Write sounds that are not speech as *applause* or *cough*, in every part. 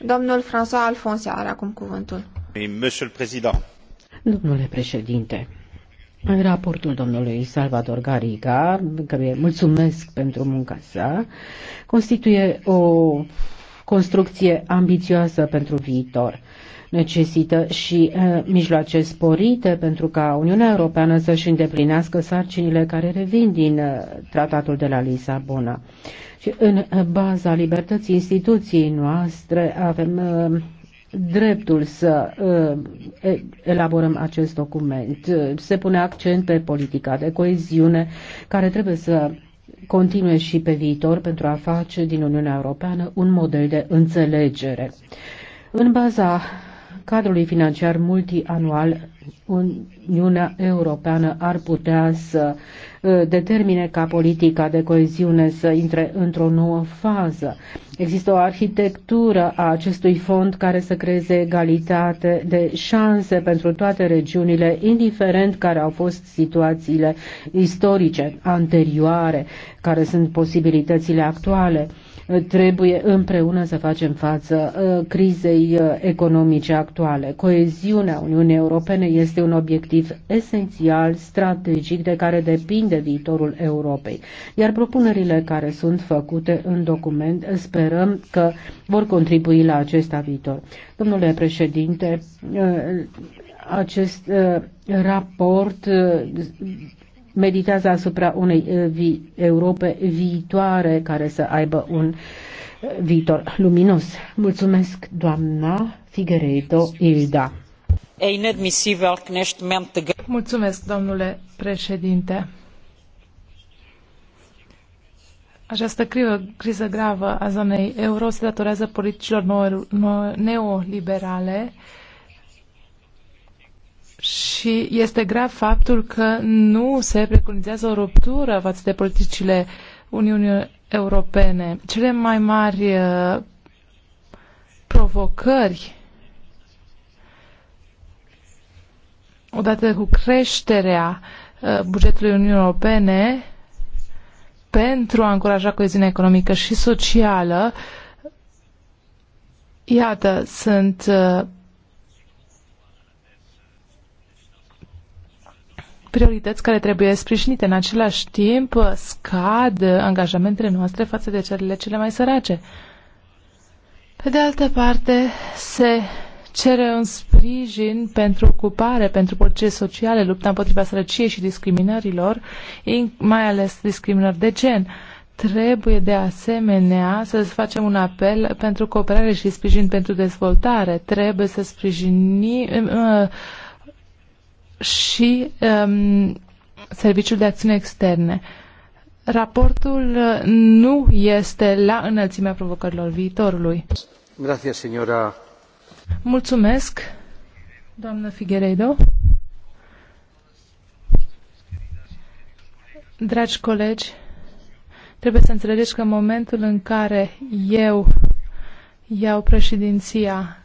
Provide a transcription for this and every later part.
Domnul François Alfonsi are acum cuvântul. Domnule președinte, în raportul domnului Salvador Gariga, care mulțumesc pentru munca sa, constituie o construcție ambițioasă pentru viitor necesită și uh, mijloace sporite pentru ca Uniunea Europeană să-și îndeplinească sarcinile care revin din uh, tratatul de la Lisabona. Și în baza libertății instituției noastre avem uh, dreptul să uh, elaborăm acest document. Se pune accent pe politica de coeziune care trebuie să continue și pe viitor pentru a face din Uniunea Europeană un model de înțelegere. În baza cadrului financiar multianual, Uniunea Europeană ar putea să uh, determine ca politica de coeziune să intre într-o nouă fază. Există o arhitectură a acestui fond care să creeze egalitate de șanse pentru toate regiunile, indiferent care au fost situațiile istorice anterioare, care sunt posibilitățile actuale trebuie împreună să facem față uh, crizei uh, economice actuale. Coeziunea Uniunii Europene este un obiectiv esențial, strategic, de care depinde viitorul Europei. Iar propunerile care sunt făcute în document sperăm că vor contribui la acesta viitor. Domnule președinte, uh, acest raport meditează asupra unei uh, vi Europe viitoare care să aibă un uh, viitor luminos. Mulțumesc, doamna Figueiredo Ilda. inadmisibil că Mulțumesc, domnule președinte. Această criză gravă a zonei euro se datorează politicilor neoliberale și este grav faptul că nu se preconizează o ruptură față de politicile Uniunii Europene. Cele mai mari uh, provocări odată cu creșterea uh, bugetului Uniunii Europene pentru a încuraja coeziunea economică și socială, iată, sunt uh, priorități care trebuie sprijinite. În același timp, scad angajamentele noastre față de țările cele mai sărace. Pe de altă parte, se cere un sprijin pentru ocupare, pentru politice sociale, lupta împotriva sărăciei și discriminărilor, mai ales discriminări de gen. Trebuie de asemenea să facem un apel pentru cooperare și sprijin pentru dezvoltare. Trebuie să sprijinim uh, și um, Serviciul de Acțiune Externe. Raportul uh, nu este la înălțimea provocărilor viitorului. Grazie, señora. Mulțumesc, doamnă Figueiredo. Dragi colegi, trebuie să înțelegeți că în momentul în care eu iau președinția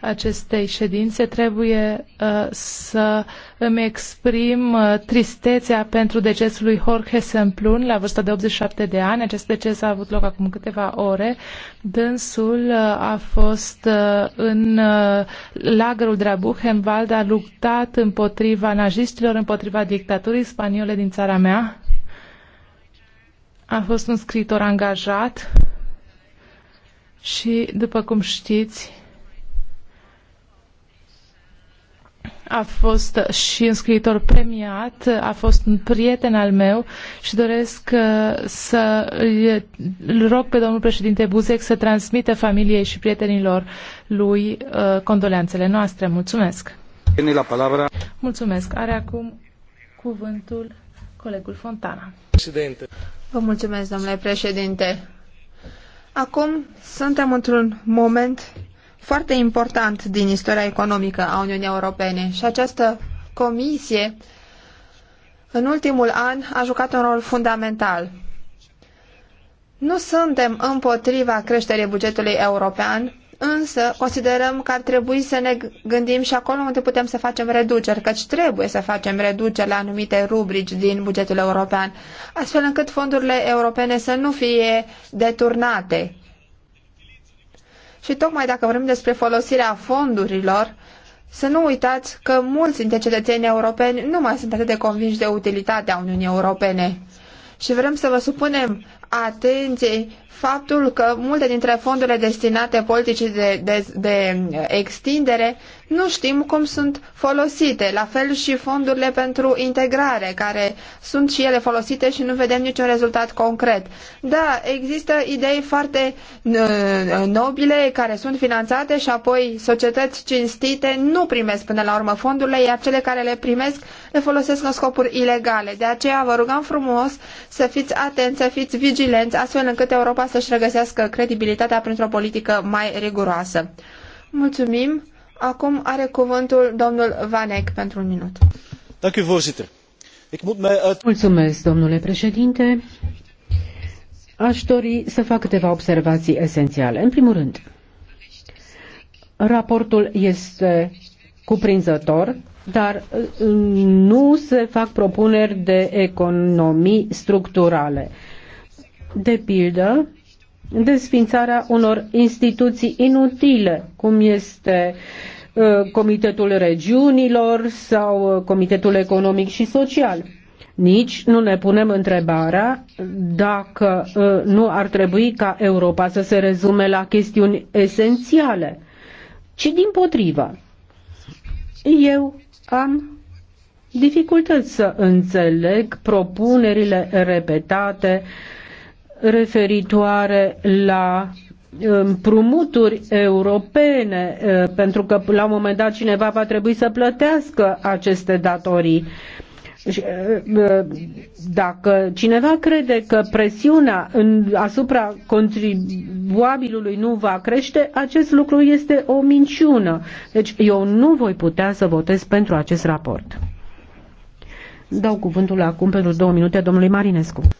acestei ședințe, trebuie uh, să îmi exprim uh, tristețea pentru decesul lui Jorge Semplun la vârsta de 87 de ani. Acest deces a avut loc acum câteva ore. Dânsul uh, a fost uh, în uh, lagărul de la Buchenwald, a luptat împotriva naziștilor, împotriva dictaturii spaniole din țara mea. A fost un scriitor angajat și, după cum știți, a fost și un scriitor premiat, a fost un prieten al meu și doresc uh, să îl rog pe domnul președinte Buzek să transmită familiei și prietenilor lui uh, condoleanțele noastre. Mulțumesc! La palabra. Mulțumesc! Are acum cuvântul colegul Fontana. Președinte. Vă mulțumesc, domnule președinte! Acum suntem într-un moment foarte important din istoria economică a Uniunii Europene și această comisie în ultimul an a jucat un rol fundamental. Nu suntem împotriva creșterii bugetului european, Însă considerăm că ar trebui să ne gândim și acolo unde putem să facem reduceri, căci trebuie să facem reduceri la anumite rubrici din bugetul european, astfel încât fondurile europene să nu fie deturnate. Și tocmai dacă vorbim despre folosirea fondurilor, să nu uitați că mulți dintre cetățenii europeni nu mai sunt atât de convinși de utilitatea Uniunii Europene. Și vrem să vă supunem atenție faptul că multe dintre fondurile destinate politicii de, de, de extindere nu știm cum sunt folosite. La fel și fondurile pentru integrare, care sunt și ele folosite și nu vedem niciun rezultat concret. Da, există idei foarte nobile care sunt finanțate și apoi societăți cinstite nu primesc până la urmă fondurile, iar cele care le primesc le folosesc în scopuri ilegale. De aceea vă rugăm frumos să fiți atenți, să fiți vigilenți, astfel încât Europa să-și regăsească credibilitatea printr-o politică mai riguroasă. Mulțumim. Acum are cuvântul domnul Vanek pentru un minut. Mulțumesc, domnule președinte. Aș dori să fac câteva observații esențiale. În primul rând, raportul este cuprinzător, dar uh, nu se fac propuneri de economii structurale. De pildă, desfințarea unor instituții inutile, cum este uh, Comitetul Regiunilor sau uh, Comitetul Economic și Social. Nici nu ne punem întrebarea dacă uh, nu ar trebui ca Europa să se rezume la chestiuni esențiale, ci din potriva. Eu am dificultăți să înțeleg propunerile repetate uh, referitoare la um, împrumuturi europene, uh, pentru că la un moment dat cineva va trebui să plătească aceste datorii. Uh, uh, dacă cineva crede că presiunea în, asupra contribuabilului nu va crește, acest lucru este o minciună. Deci eu nu voi putea să votez pentru acest raport. Dau cuvântul acum pentru două minute domnului Marinescu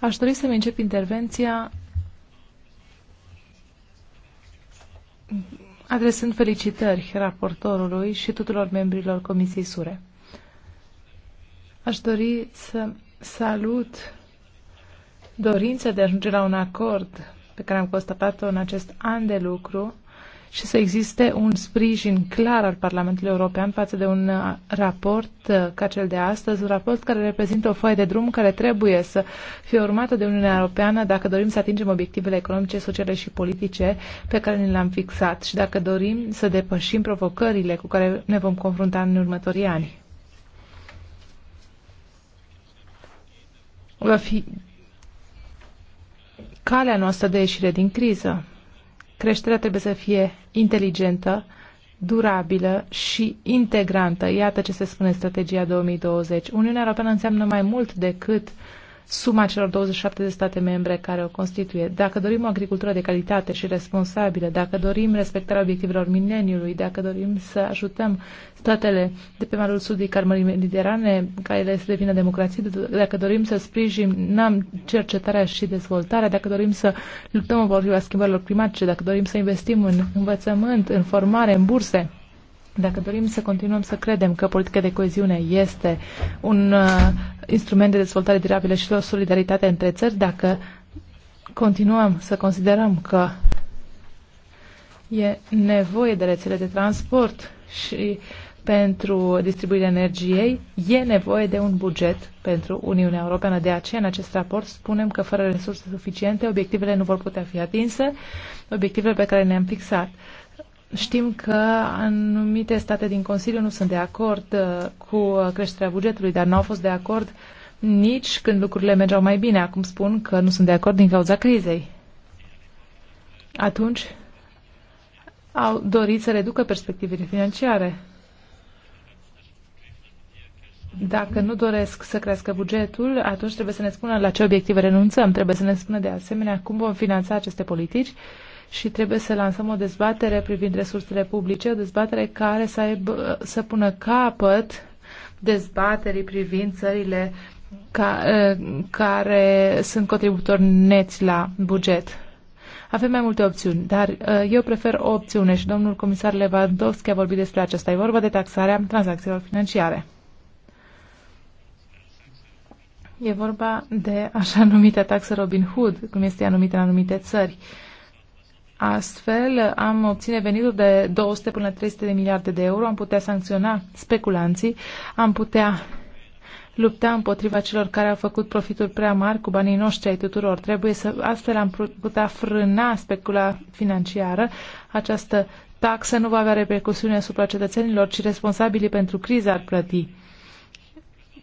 Aș dori să-mi încep intervenția adresând felicitări raportorului și tuturor membrilor Comisiei Sure. Aș dori să salut dorința de a ajunge la un acord pe care am constatat-o în acest an de lucru și să existe un sprijin clar al Parlamentului European față de un raport uh, ca cel de astăzi, un raport care reprezintă o foaie de drum care trebuie să fie urmată de Uniunea Europeană dacă dorim să atingem obiectivele economice, sociale și politice pe care ni le-am fixat și dacă dorim să depășim provocările cu care ne vom confrunta în următorii ani. Va fi calea noastră de ieșire din criză. Creșterea trebuie să fie inteligentă, durabilă și integrantă. Iată ce se spune strategia 2020. Uniunea Europeană înseamnă mai mult decât suma celor 27 de state membre care o constituie. Dacă dorim o agricultură de calitate și responsabilă, dacă dorim respectarea obiectivelor mileniului, dacă dorim să ajutăm statele de pe malul sudic al Mării Mediterane ca ele să devină democrații, dacă dorim să sprijinăm cercetarea și dezvoltarea, dacă dorim să luptăm împotriva schimbărilor climatice, dacă dorim să investim în învățământ, în formare, în burse, dacă dorim să continuăm să credem că politica de coeziune este un uh, instrument de dezvoltare durabilă și de o solidaritate între țări, dacă continuăm să considerăm că e nevoie de rețele de transport și pentru distribuirea energiei, e nevoie de un buget pentru Uniunea Europeană. De aceea, în acest raport, spunem că fără resurse suficiente, obiectivele nu vor putea fi atinse, obiectivele pe care ne-am fixat. Uh, Știm că anumite state din Consiliu nu sunt de acord uh, cu creșterea bugetului, dar nu au fost de acord nici când lucrurile mergeau mai bine. Acum spun că nu sunt de acord din cauza crizei. Atunci au dorit să reducă perspectivele financiare. Dacă nu doresc să crească bugetul, atunci trebuie să ne spună la ce obiective renunțăm. Trebuie să ne spună de asemenea cum vom finanța aceste politici și trebuie să lansăm o dezbatere privind resursele publice, o dezbatere care să, aibă, să pună capăt dezbaterii privind țările ca, care sunt contributori neți la buget. Avem mai multe opțiuni, dar eu prefer o opțiune și domnul comisar Lewandowski a vorbit despre aceasta. E vorba de taxarea tranzacțiilor financiare. E vorba de așa numită taxă Robin Hood, cum este anumită în anumite țări. Uh, Astfel, am obține venituri de 200 până la 300 de miliarde de euro, am putea sancționa speculanții, am putea lupta împotriva celor care au făcut profituri prea mari cu banii noștri ai tuturor. Trebuie să astfel am putea frâna specula financiară. Această taxă nu va avea repercusiune asupra cetățenilor, ci responsabilii pentru criză ar plăti.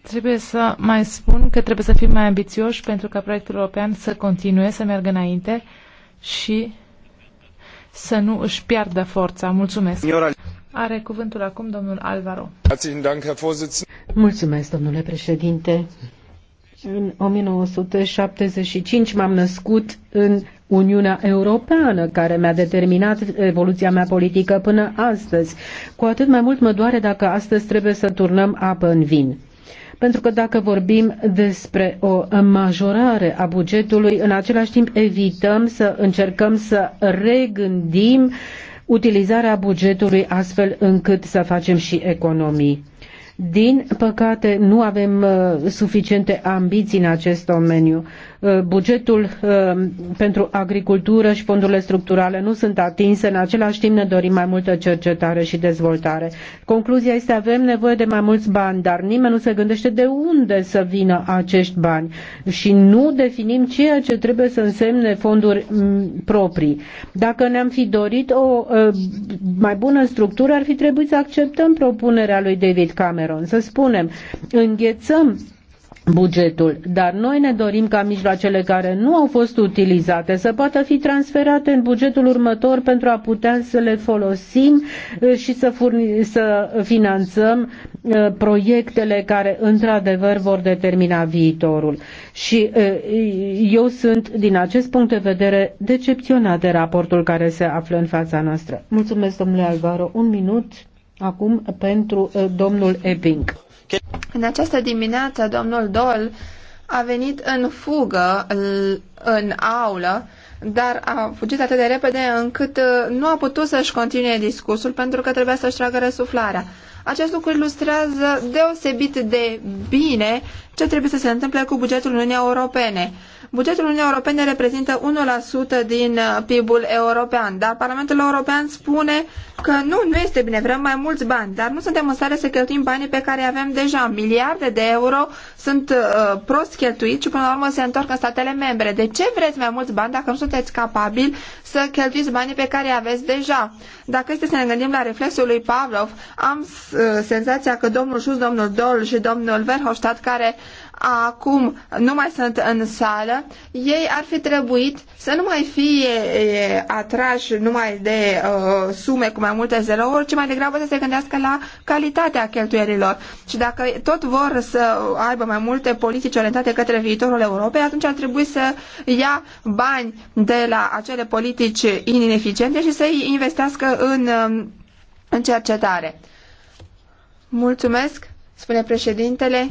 Trebuie să mai spun că trebuie să fim mai ambițioși pentru ca proiectul european să continue, să meargă înainte și să nu își piardă forța. Mulțumesc! Are cuvântul acum domnul Alvaro. Mulțumesc, domnule președinte. În 1975 m-am născut în Uniunea Europeană, care mi-a determinat evoluția mea politică până astăzi. Cu atât mai mult mă doare dacă astăzi trebuie să turnăm apă în vin. Pentru că dacă vorbim despre o majorare a bugetului, în același timp evităm să încercăm să regândim utilizarea bugetului astfel încât să facem și economii. Din păcate, nu avem uh, suficiente ambiții în acest domeniu. Uh, bugetul uh, pentru agricultură și fondurile structurale nu sunt atinse, în același timp ne dorim mai multă cercetare și dezvoltare. Concluzia este avem nevoie de mai mulți bani, dar nimeni nu se gândește de unde să vină acești bani și nu definim ceea ce trebuie să însemne fonduri proprii. Dacă ne-am fi dorit o uh, mai bună structură, ar fi trebuit să acceptăm propunerea lui David Cameron, să spunem, înghețăm bugetul, dar noi ne dorim ca mijloacele care nu au fost utilizate să poată fi transferate în bugetul următor pentru a putea să le folosim uh, și să, furni, să finanțăm uh, proiectele care într-adevăr vor determina viitorul. Și uh, eu sunt, din acest punct de vedere, decepționat de raportul care se află în fața noastră. Mulțumesc, domnule Alvaro. Un minut acum pentru domnul Ebing. În această dimineață, domnul Dol a venit în fugă în aulă, dar a fugit atât de repede încât uh, nu a putut să-și continue discursul pentru că trebuia să-și tragă răsuflarea. Acest lucru ilustrează deosebit de bine ce trebuie să se întâmple cu bugetul Uniunii Europene. Bugetul Uniunii Europene reprezintă 1% din uh, PIB-ul european, dar Parlamentul European spune că nu, nu este bine, vrem mai mulți bani, dar nu suntem în stare să cheltuim banii pe care avem deja. Miliarde de euro sunt uh, prost cheltuiți și până la urmă se întorc în statele membre. De ce vreți mai mulți bani dacă nu sunteți capabili să cheltuiți banii pe care aveți deja? Dacă este să ne gândim la reflexul lui Pavlov, am Uh, senzația că domnul Schulz, domnul Dol și domnul Verhofstadt, care acum nu mai sunt în sală, ei ar fi trebuit să nu mai fie e, atrași numai de uh, sume cu mai multe zerouri, ci mai degrabă să se gândească la calitatea cheltuielilor. Și dacă tot vor să aibă mai multe politici orientate către viitorul Europei, atunci ar trebui să ia bani de la acele politici ineficiente și să-i investească în, um, în cercetare. Mulțumesc, spune președintele.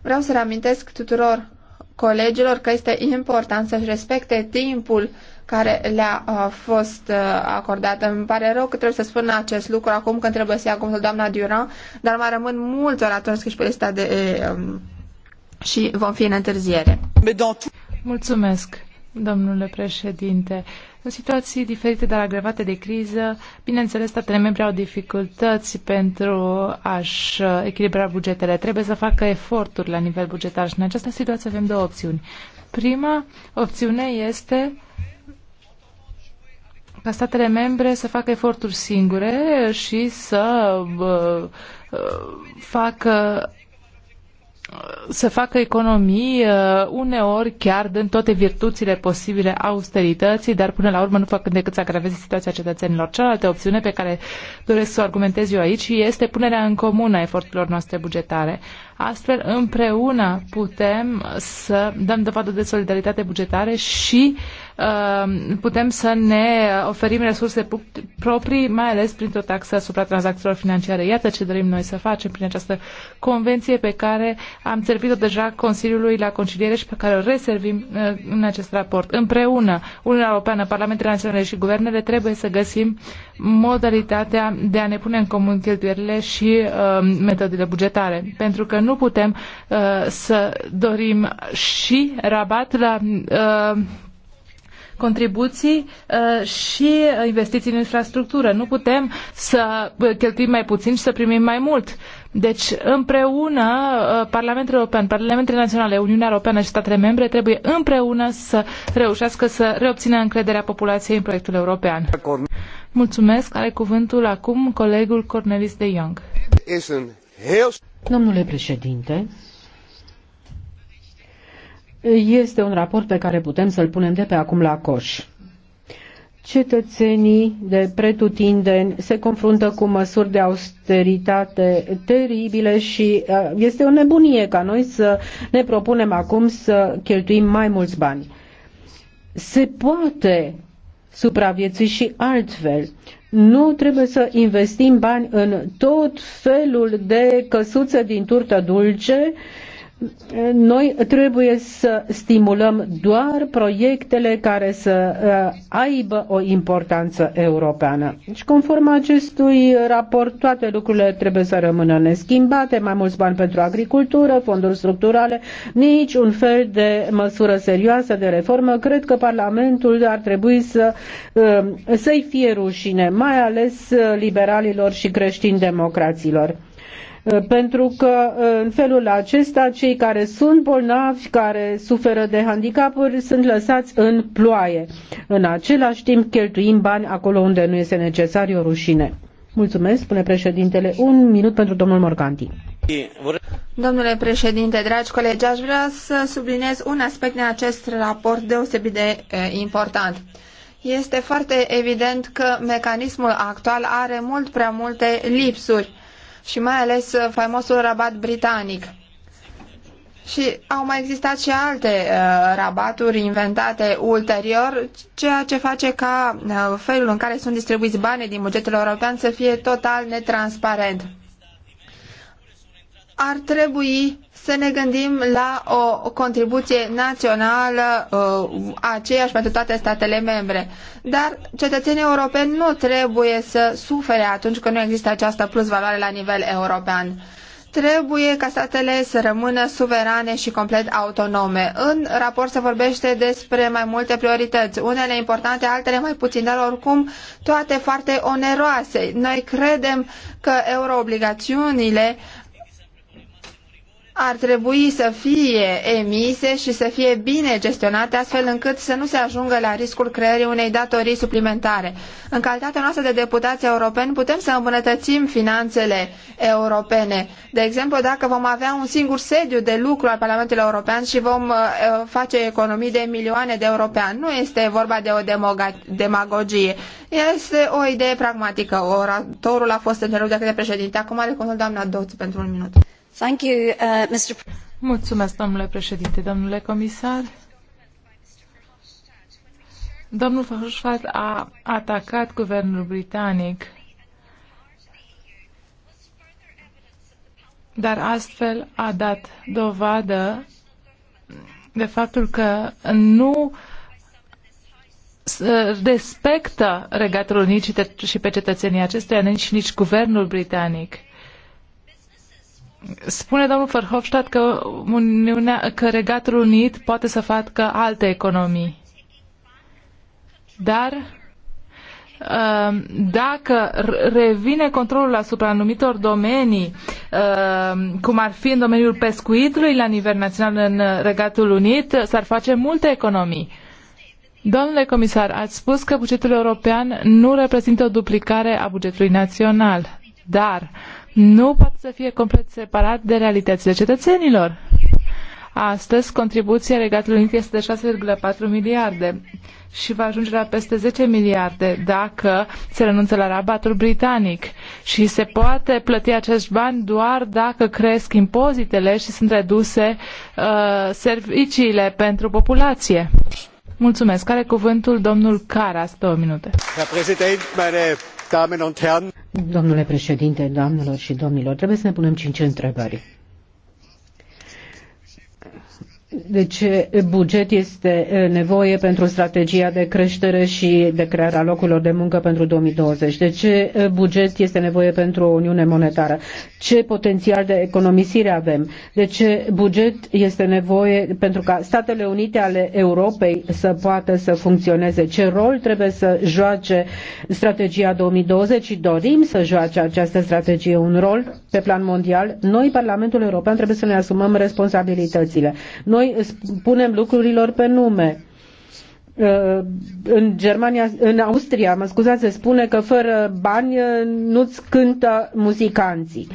Vreau să reamintesc tuturor colegilor că este important să-și respecte timpul care le-a uh, fost uh, acordat. Îmi pare rău că trebuie să spun acest lucru acum când trebuie să ia cuvântul doamna Durand, dar mai rămân mulți oratori scriși pe lista de... Uh, um, și vom fi în întârziere. Mulțumesc. Domnule președinte, în situații diferite, dar agravate de criză, bineînțeles, statele membre au dificultăți pentru a-și echilibra bugetele. Trebuie să facă eforturi la nivel bugetar și în această situație avem două opțiuni. Prima opțiune este ca statele membre să facă eforturi singure și să uh, uh, facă să facă economii, uh, uneori chiar dând toate virtuțile posibile austerității, dar până la urmă nu fac decât să agraveze situația cetățenilor. Cealaltă opțiune pe care doresc să o argumentez eu aici este punerea în comun a eforturilor noastre bugetare. Astfel, împreună putem să dăm dovadă de solidaritate bugetare și uh, Um, putem să ne oferim resurse proprii, mai ales printr-o taxă asupra tranzacțiilor financiare. Iată ce dorim noi să facem prin această convenție pe care am servit-o deja Consiliului la conciliere și pe care o reservim uh, în acest raport. Împreună, Uniunea Europeană, Parlamentele Naționale și Guvernele trebuie să găsim modalitatea de a ne pune în comun cheltuierile și uh, metodele bugetare. Pentru că nu putem uh, să dorim și rabat la uh, contribuții uh, și uh, investiții în infrastructură. Nu putem să uh, cheltuim mai puțin și să primim mai mult. Deci, împreună, Parlamentul European, Parlamentele Naționale, Uniunea Europeană și statele membre trebuie împreună să reușească să reobțină încrederea populației în proiectul european. Mulțumesc. Are cuvântul acum colegul Cornelis de Jong. Domnule președinte, este un raport pe care putem să-l punem de pe acum la coș. Cetățenii de pretutindeni se confruntă cu măsuri de austeritate teribile și uh, este o nebunie ca noi să ne propunem acum să cheltuim mai mulți bani. Se poate supraviețui și altfel. Nu trebuie să investim bani în tot felul de căsuțe din turtă dulce noi trebuie să stimulăm doar proiectele care să uh, aibă o importanță europeană. Și deci, conform acestui raport, toate lucrurile trebuie să rămână neschimbate, mai mulți bani pentru agricultură, fonduri structurale, nici un fel de măsură serioasă de reformă. Cred că Parlamentul ar trebui să, uh, să-i fie rușine, mai ales uh, liberalilor și creștini democraților. Uh, pentru că uh, în felul acesta cei care sunt bolnavi, care suferă de handicapuri, sunt lăsați în ploaie. În același timp cheltuim bani acolo unde nu este necesar, o rușine. Mulțumesc, spune președintele. Un minut pentru domnul Morganti. Domnule președinte, dragi colegi, aș vrea să subliniez un aspect din acest raport deosebit de important. Este foarte evident că mecanismul actual are mult prea multe lipsuri și mai ales uh, faimosul rabat britanic. Și au mai existat și alte uh, rabaturi inventate ulterior, ceea ce face ca uh, felul în care sunt distribuiți banii din bugetul european să fie total netransparent. Ar trebui să ne gândim la o contribuție națională uh, aceeași pentru toate statele membre. Dar cetățenii europeni nu trebuie să sufere atunci când nu există această plusvaloare la nivel european. Trebuie ca statele să rămână suverane și complet autonome. În raport se vorbește despre mai multe priorități, unele importante, altele mai puțin, dar oricum toate foarte oneroase. Noi credem că euroobligațiunile ar trebui să fie emise și să fie bine gestionate astfel încât să nu se ajungă la riscul creării unei datorii suplimentare. În calitatea noastră de deputați europeni putem să îmbunătățim finanțele europene. De exemplu, dacă vom avea un singur sediu de lucru al Parlamentului European și vom uh, face economii de milioane de an, Nu este vorba de o demagogie. Este o idee pragmatică. Oratorul a fost întrerupt de către președinte. Acum are cuvântul doamna Doț pentru un minut. Uh, Mulțumesc, domnule președinte, domnule comisar. Domnul Verhofstadt a atacat guvernul britanic, dar astfel a dat dovadă de faptul că nu respectă Regatul Unit și pe cetățenii acestuia, nici, nici guvernul britanic. Spune domnul Verhofstadt că, Uniunea, că Regatul Unit poate să facă alte economii. Dar uh, dacă revine controlul asupra anumitor domenii, uh, cum ar fi în domeniul pescuitului la nivel național în Regatul Unit, s-ar face multe economii. Domnule comisar, ați spus că bugetul european nu reprezintă o duplicare a bugetului național dar nu poate să fie complet separat de realitățile cetățenilor. Astăzi, contribuția Regatului Unit este de 6,4 miliarde și va ajunge la peste 10 miliarde dacă se renunță la rabatul britanic. Și se poate plăti acești bani doar dacă cresc impozitele și sunt reduse uh, serviciile pentru populație. Mulțumesc. Are cuvântul domnul Caras, două minute. Herr Präsident, meine Damen und Herren! Domnule președinte, doamnelor și domnilor, trebuie să ne punem cinci întrebări de ce buget este nevoie pentru strategia de creștere și de crearea locurilor de muncă pentru 2020? De ce buget este nevoie pentru o Uniune Monetară? Ce potențial de economisire avem? De ce buget este nevoie pentru ca Statele Unite ale Europei să poată să funcționeze? Ce rol trebuie să joace strategia 2020 și dorim să joace această strategie un rol pe plan mondial? Noi, Parlamentul European, trebuie să ne asumăm responsabilitățile. Noi noi spunem lucrurilor pe nume. Uh, în Germania, în Austria, mă scuzați, se spune că fără bani uh, nu-ți cântă muzicanții.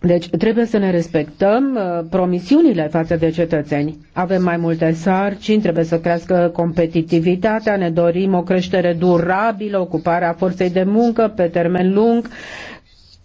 Deci trebuie să ne respectăm uh, promisiunile față de cetățeni. Avem mai multe sarcini, trebuie să crească competitivitatea, ne dorim o creștere durabilă, ocuparea forței de muncă pe termen lung,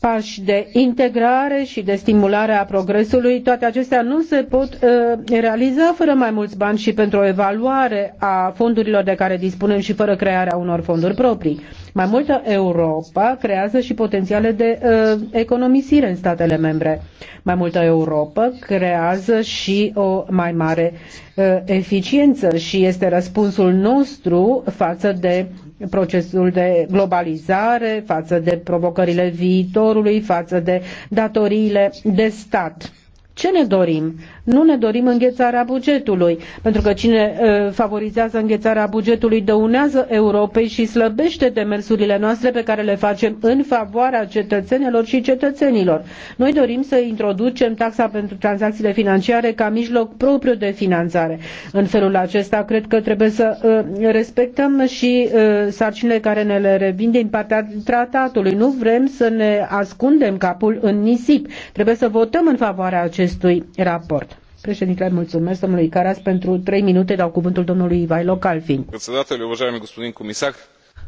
pași de integrare și de stimulare a progresului, toate acestea nu se pot uh, realiza fără mai mulți bani și pentru o evaluare a fondurilor de care dispunem și fără crearea unor fonduri proprii. Mai multă Europa creează și potențiale de uh, economisire în statele membre. Mai multă Europa creează și o mai mare uh, eficiență și este răspunsul nostru față de procesul de globalizare, față de provocările viitorului, față de datoriile de stat. Ce ne dorim? Nu ne dorim înghețarea bugetului, pentru că cine uh, favorizează înghețarea bugetului dăunează Europei și slăbește demersurile noastre pe care le facem în favoarea cetățenilor și cetățenilor. Noi dorim să introducem taxa pentru tranzacțiile financiare ca mijloc propriu de finanțare. În felul acesta cred că trebuie să uh, respectăm și uh, sarcinile care ne le revin din partea tratatului. Nu vrem să ne ascundem capul în nisip. Trebuie să votăm în favoarea acestui raport. Președintele, mulțumesc domnului Caras pentru trei minute, dau cuvântul domnului Ivailo Calfin.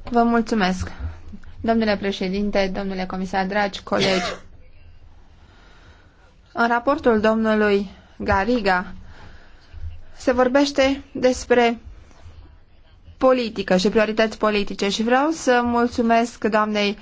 Vă mulțumesc. Domnule președinte, domnule comisar, dragi colegi, în raportul domnului Gariga se vorbește despre politică și priorități politice și vreau să mulțumesc doamnei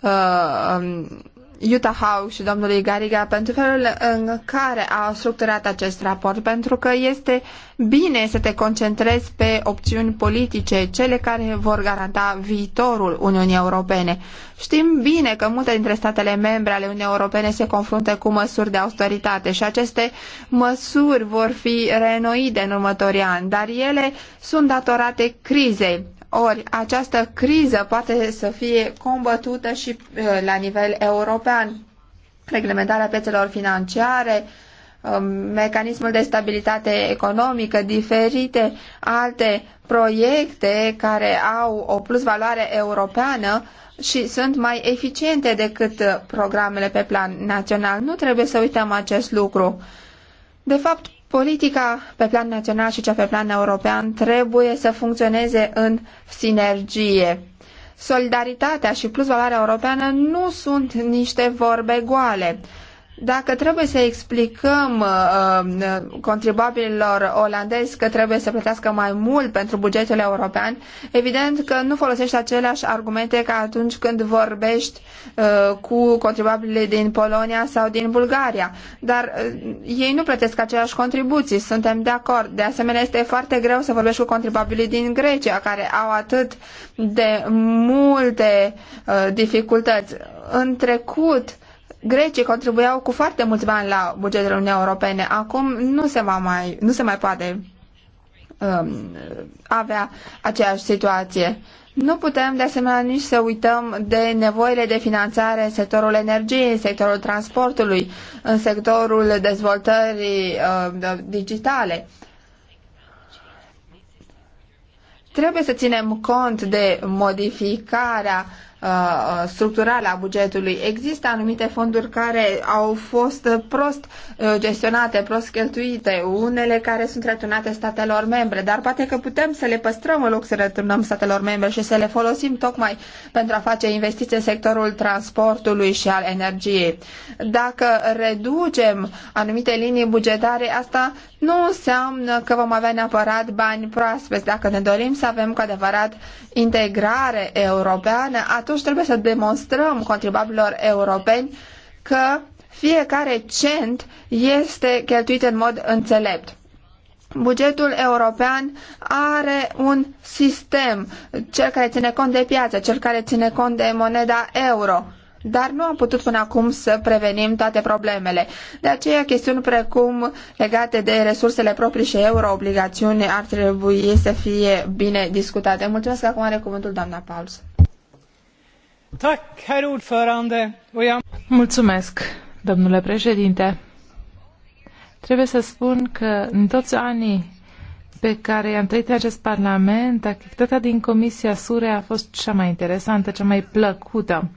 uh, um, Utah Howe și domnului Gariga pentru felul în care a structurat acest raport, pentru că este bine să te concentrezi pe opțiuni politice, cele care vor garanta viitorul Uniunii Europene. Știm bine că multe dintre statele membre ale Uniunii Europene se confruntă cu măsuri de austeritate și aceste măsuri vor fi reînnoite în următorii ani, dar ele sunt datorate crizei ori această criză poate să fie combătută și uh, la nivel european. Reglementarea piețelor financiare, um, mecanismul de stabilitate economică, diferite alte proiecte care au o plusvaloare europeană și sunt mai eficiente decât uh, programele pe plan național. Nu trebuie să uităm acest lucru. De fapt, Politica pe plan național și cea pe plan european trebuie să funcționeze în sinergie. Solidaritatea și plusvaloarea europeană nu sunt niște vorbe goale. Dacă trebuie să explicăm uh, uh, contribuabililor olandezi că trebuie să plătească mai mult pentru bugetul european, evident că nu folosești aceleași argumente ca atunci când vorbești uh, cu contribuabilii din Polonia sau din Bulgaria. Dar uh, ei nu plătesc aceleași contribuții, suntem de acord. De asemenea, este foarte greu să vorbești cu contribuabilii din Grecia, care au atât de multe uh, dificultăți. În trecut, Grecii contribuiau cu foarte mulți bani la bugetul Uniunii Europene. Acum nu se, va mai, nu se mai poate um, avea aceeași situație. Nu putem de asemenea nici să uităm de nevoile de finanțare în sectorul energiei, în sectorul transportului, în sectorul dezvoltării uh, digitale. Trebuie să ținem cont de modificarea Uh, uh, structurale a bugetului. Există anumite fonduri care au fost prost uh, gestionate, prost cheltuite, unele care sunt returnate statelor membre, dar poate că putem să le păstrăm în loc să returnăm statelor membre și să le folosim tocmai pentru a face investiții în sectorul transportului și al energiei. Dacă reducem anumite linii bugetare, asta nu înseamnă că vom avea neapărat bani proaspeți. Dacă ne dorim să avem cu adevărat integrare europeană, atunci trebuie să demonstrăm contribuabililor europeni că fiecare cent este cheltuit în mod înțelept. Bugetul european are un sistem, cel care ține cont de piață, cel care ține cont de moneda euro dar nu am putut până acum să prevenim toate problemele. De aceea, chestiuni precum legate de resursele proprii și euro-obligațiune ar trebui să fie bine discutate. Mulțumesc că acum are cuvântul doamna Pauls. Mulțumesc, domnule președinte. Trebuie să spun că în toți anii pe care i-am trăit în acest Parlament, activitatea din Comisia Sure a fost cea mai interesantă, cea mai plăcută.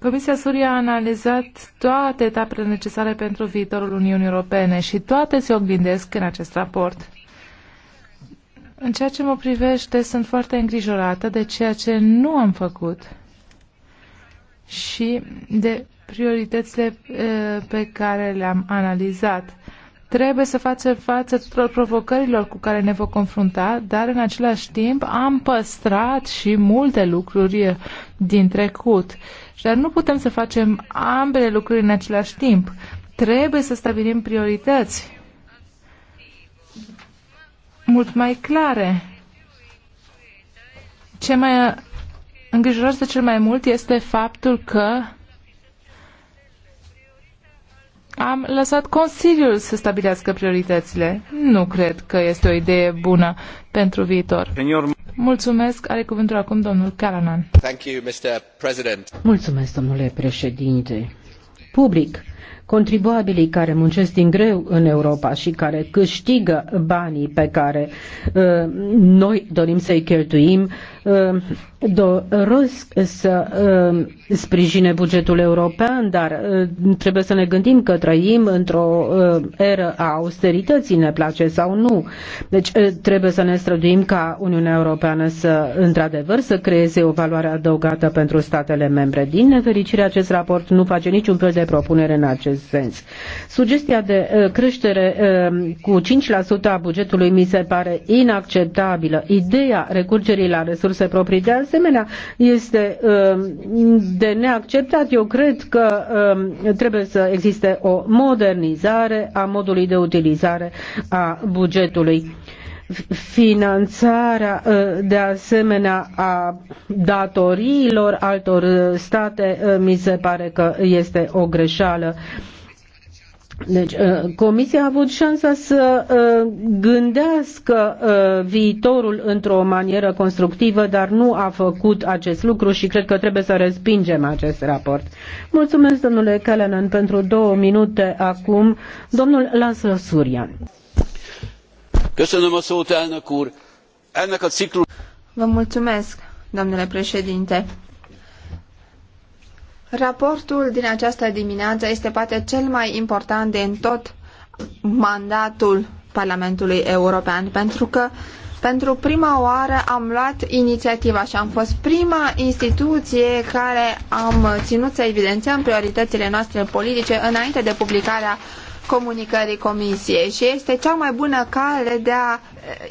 Comisia Suria a analizat toate etapele necesare pentru viitorul Uniunii Europene și toate se oglindesc în acest raport. În ceea ce mă privește, sunt foarte îngrijorată de ceea ce nu am făcut și de prioritățile pe care le-am analizat. Trebuie să facem față tuturor provocărilor cu care ne vom confrunta, dar în același timp am păstrat și multe lucruri din trecut. Dar nu putem să facem ambele lucruri în același timp. Trebuie să stabilim priorități mult mai clare. Ce mai îngrijorează cel mai mult este faptul că am lăsat Consiliul să stabilească prioritățile. Nu cred că este o idee bună pentru viitor. Mulțumesc. Are cuvântul acum domnul Caranan. Mulțumesc, domnule președinte. Public contribuabilii care muncesc din greu în Europa și care câștigă banii pe care uh, noi dorim să-i cheltuim doresc să sprijine bugetul european, dar trebuie să ne gândim că trăim într-o eră a austerității, ne place sau nu. Deci trebuie să ne străduim ca Uniunea Europeană să, într-adevăr, să creeze o valoare adăugată pentru statele membre. Din nefericire, acest raport nu face niciun fel de propunere în acest sens. Sugestia de creștere cu 5% a bugetului mi se pare inacceptabilă. Ideea recurgerii la resurse resurse proprii. De asemenea, este um, de neacceptat. Eu cred că um, trebuie să existe o modernizare a modului de utilizare a bugetului finanțarea uh, de asemenea a datoriilor altor uh, state uh, mi se pare că este o greșeală deci, uh, Comisia a avut șansa să uh, gândească uh, viitorul într-o manieră constructivă, dar nu a făcut acest lucru și cred că trebuie să respingem acest raport. Mulțumesc, domnule Kalenan pentru două minute acum. Domnul Lansă Surian. Vă mulțumesc, domnule președinte. Raportul din această dimineață este poate cel mai important din tot mandatul Parlamentului European, pentru că pentru prima oară am luat inițiativa și am fost prima instituție care am ținut să evidențiem prioritățile noastre politice înainte de publicarea uh, comunicării comisiei și este cea mai bună cale de a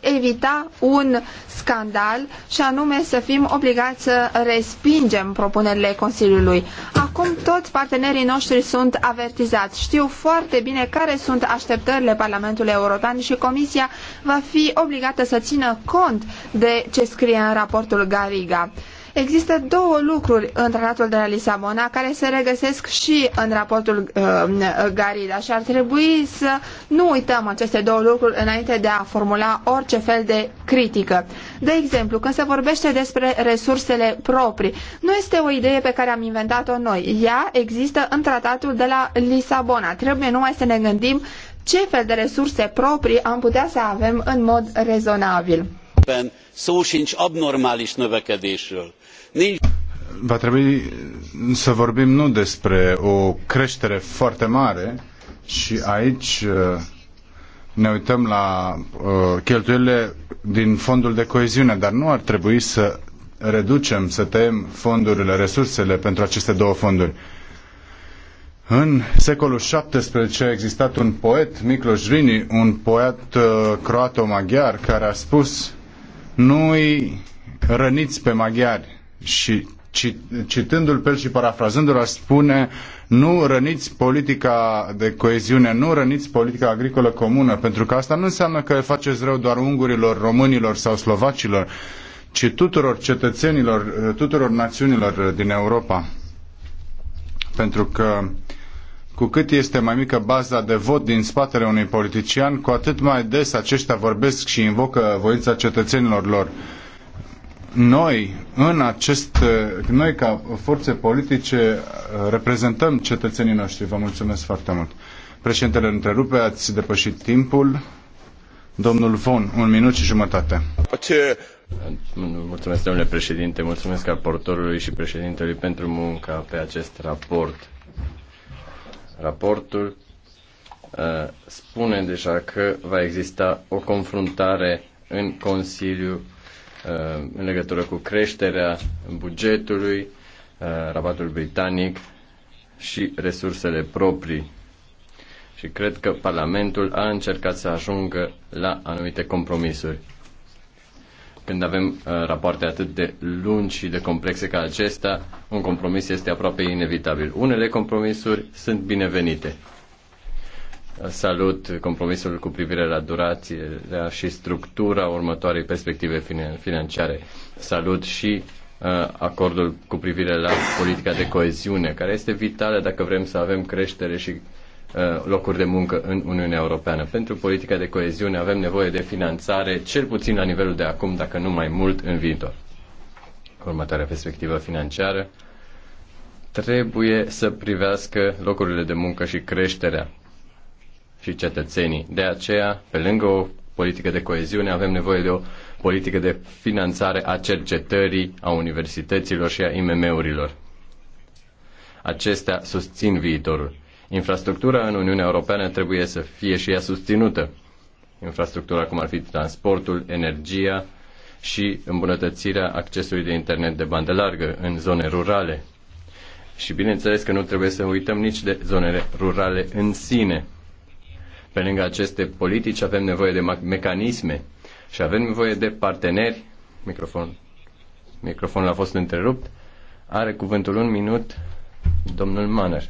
eh, evita un scandal și anume să fim obligați să respingem propunerile Consiliului. Acum toți partenerii noștri sunt avertizați. Știu foarte bine care sunt așteptările Parlamentului European și Comisia va fi obligată să țină cont de ce scrie în raportul Gariga. Există două lucruri în tratatul de la Lisabona care se regăsesc și în raportul uh, Garida și ar trebui să nu uităm aceste două lucruri înainte de a formula orice fel de critică. De exemplu, când se vorbește despre resursele proprii, nu este o idee pe care am inventat-o noi. Ea există în tratatul de la Lisabona. Trebuie numai să ne gândim ce fel de resurse proprii am putea să avem în mod rezonabil. Szó sincs abnormális növekedésről nici va trebui să vorbim nu despre o creștere foarte mare și aici uh, ne uităm la uh, cheltuielile din fondul de coeziune, dar nu ar trebui să reducem, să tăiem fondurile, resursele pentru aceste două fonduri. În secolul XVII a existat un poet, Miklos Rini, un poet uh, croato-maghiar, care a spus nu-i răniți pe maghiari, și citându-l pe el și parafrazându-l, aș spune nu răniți politica de coeziune, nu răniți politica agricolă comună, pentru că asta nu înseamnă că faceți rău doar ungurilor, românilor sau slovacilor, ci tuturor cetățenilor, tuturor națiunilor din Europa. Pentru că cu cât este mai mică baza de vot din spatele unui politician, cu atât mai des aceștia vorbesc și invocă voința cetățenilor lor noi, în acest, noi ca forțe politice reprezentăm cetățenii noștri. Vă mulțumesc foarte mult. Președintele întrerupe, ați depășit timpul. Domnul Von, un minut și jumătate. Mulțumesc, domnule președinte, mulțumesc raportorului și președintelui pentru munca pe acest raport. Raportul uh, spune deja că va exista o confruntare în Consiliu Uh, în legătură cu creșterea bugetului, uh, rabatul britanic și resursele proprii. Și cred că Parlamentul a încercat să ajungă la anumite compromisuri. Când avem uh, rapoarte atât de lungi și de complexe ca acesta, un compromis este aproape inevitabil. Unele compromisuri sunt binevenite. Salut compromisul cu privire la durație, și structura următoarei perspective financiare. Salut și uh, acordul cu privire la politica de coeziune, care este vitală dacă vrem să avem creștere și uh, locuri de muncă în Uniunea Europeană. Pentru politica de coeziune avem nevoie de finanțare, cel puțin la nivelul de acum, dacă nu mai mult în viitor. Următoarea perspectivă financiară trebuie să privească locurile de muncă și creșterea și cetățenii. De aceea, pe lângă o politică de coeziune, avem nevoie de o politică de finanțare a cercetării, a universităților și a IMM-urilor. Acestea susțin viitorul. Infrastructura în Uniunea Europeană trebuie să fie și ea susținută. Infrastructura cum ar fi transportul, energia și îmbunătățirea accesului de internet de bandă largă în zone rurale. Și bineînțeles că nu trebuie să uităm nici de zonele rurale în sine. Pe lângă aceste politici avem nevoie de mecanisme și avem nevoie de parteneri. Microfon. Microfonul a fost întrerupt. Are cuvântul un minut domnul Manner.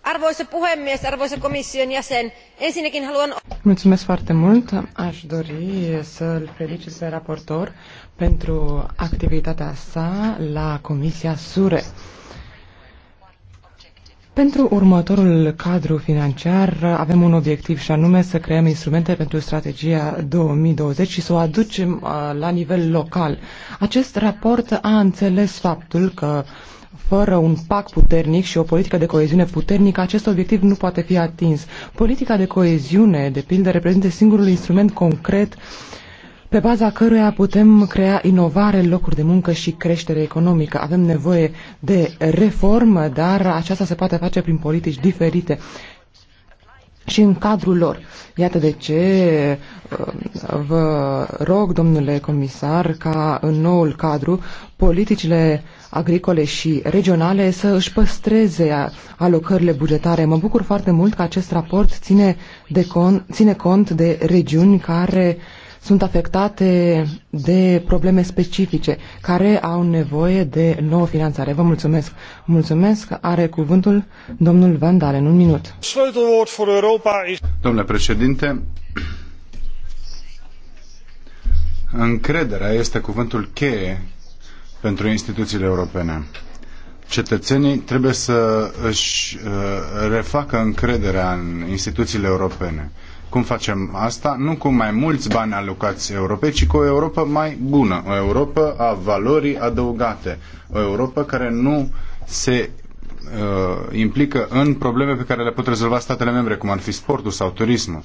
Arvoisa puhemies, arvoisa komission jäsen, ensinnäkin haluan... Mulțumesc foarte mult. Aș dori să-l felicit pe raportor pentru activitatea sa la Comisia SURE. Pentru următorul cadru financiar avem un obiectiv și anume să creăm instrumente pentru strategia 2020 și să o aducem uh, la nivel local. Acest raport a înțeles faptul că fără un pact puternic și o politică de coeziune puternică, acest obiectiv nu poate fi atins. Politica de coeziune, de pildă, reprezintă singurul instrument concret uh, pe baza căruia putem crea inovare, locuri de muncă și creștere economică. Avem nevoie de reformă, dar aceasta se poate face prin politici diferite și în cadrul lor. Iată de ce uh, vă rog, domnule comisar, ca în noul cadru politicile agricole și regionale să își păstreze alocările bugetare. Mă bucur foarte mult că acest raport ține, de con, ține cont de regiuni care uh, sunt afectate de probleme specifice care au nevoie de nouă finanțare. Vă mulțumesc. Mulțumesc. Are cuvântul domnul Van Dalen. Un minut. Domnule președinte, încrederea este cuvântul cheie pentru instituțiile europene cetățenii trebuie să își uh, refacă încrederea în instituțiile europene. Cum facem asta? Nu cu mai mulți bani alocați Europei, ci cu o Europa mai bună, o Europa a valorii adăugate, o Europa care nu se uh, implică în probleme pe care le pot rezolva statele membre, cum ar fi sportul sau turismul.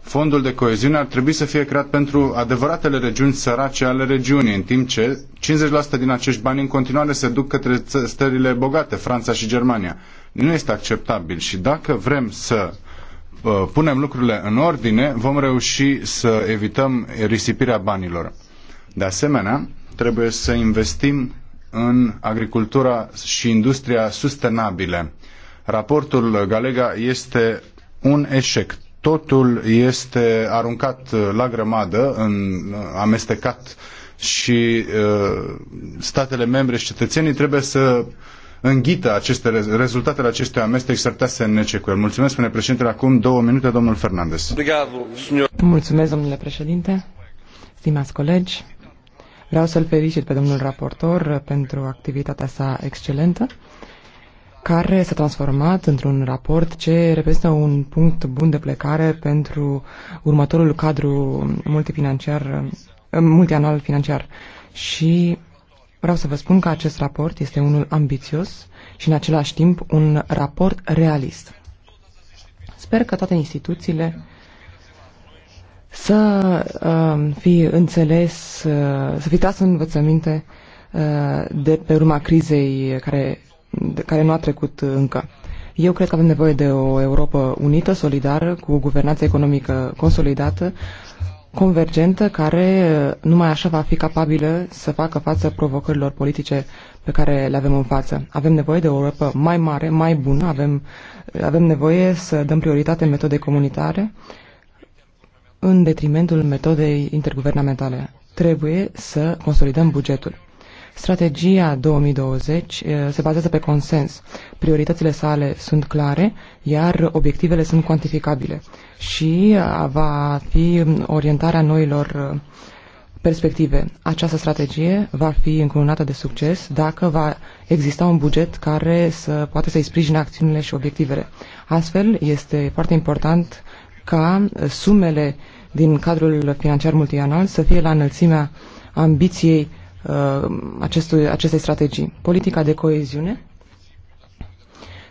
Fondul de coeziune ar trebui să fie creat pentru adevăratele regiuni sărace ale regiunii, în timp ce 50% din acești bani în continuare se duc către stările bogate, Franța și Germania. Nu este acceptabil și dacă vrem să uh, Ă, punem lucrurile în ordine, vom reuși să evităm risipirea banilor. De asemenea, trebuie să investim în agricultura și industria sustenabile. Raportul Galega este un eșec. Totul este aruncat la grămadă, în, amestecat și uh, statele membre și cetățenii trebuie să înghită aceste rezultatele acestui amestec s-ar putea să nece cu el. Mulțumesc, spune președintele. Acum două minute, domnul Fernandez. Mulțumesc, domnule președinte. Stimați colegi, vreau să-l felicit pe domnul raportor pentru activitatea sa excelentă care s-a transformat într-un raport ce reprezintă un punct bun de plecare pentru următorul cadru multifinanciar, multianual financiar și Vreau să vă spun că acest raport este unul ambițios și în același timp un raport realist. Sper că toate instituțiile să uh, fi înțeles, uh, să fi tras învățăminte uh, de pe urma crizei care, de care nu a trecut încă. Eu cred că avem nevoie de o Europa unită, solidară, cu o guvernanță economică consolidată, convergentă care uh, numai așa va fi capabilă să facă față provocărilor politice pe care le avem în față. Avem nevoie de o Europa mai mare, mai bună, avem, uh, avem nevoie să dăm prioritate metodei comunitare în detrimentul metodei interguvernamentale. Trebuie să consolidăm bugetul. Strategia 2020 eh, se bazează pe consens. Prioritățile sale sunt clare, iar obiectivele sunt cuantificabile. Și eh, va fi mm, orientarea noilor eh, perspective. Această strategie va fi încununată de succes dacă va exista un buget care să poate să-i sprijine acțiunile și obiectivele. Astfel, este foarte important ca sumele din cadrul financiar multianual să fie la înălțimea ambiției Uh, acestui, acestei strategii. Politica de coeziune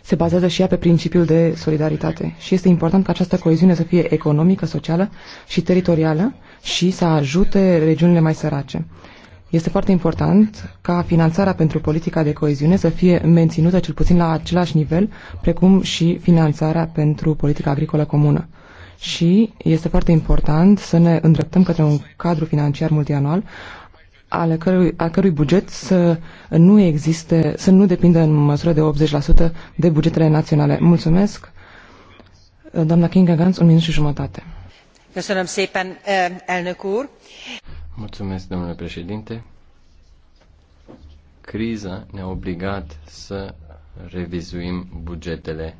se bazează și ea pe principiul de solidaritate și este important ca această coeziune să fie economică, socială și teritorială și să ajute regiunile mai sărace. Este foarte important ca finanțarea pentru politica de coeziune să fie menținută cel puțin la același nivel, precum și finanțarea pentru politica agricolă comună. Și este foarte important să ne îndreptăm către un cadru financiar multianual ale cărui, a cărui buget să nu existe, să nu depindă în măsură de 80% de bugetele naționale. Mulțumesc. Doamna Kinga Gans, un minut și jumătate. Eh, Mulțumesc, domnule președinte. Criza ne-a obligat să revizuim bugetele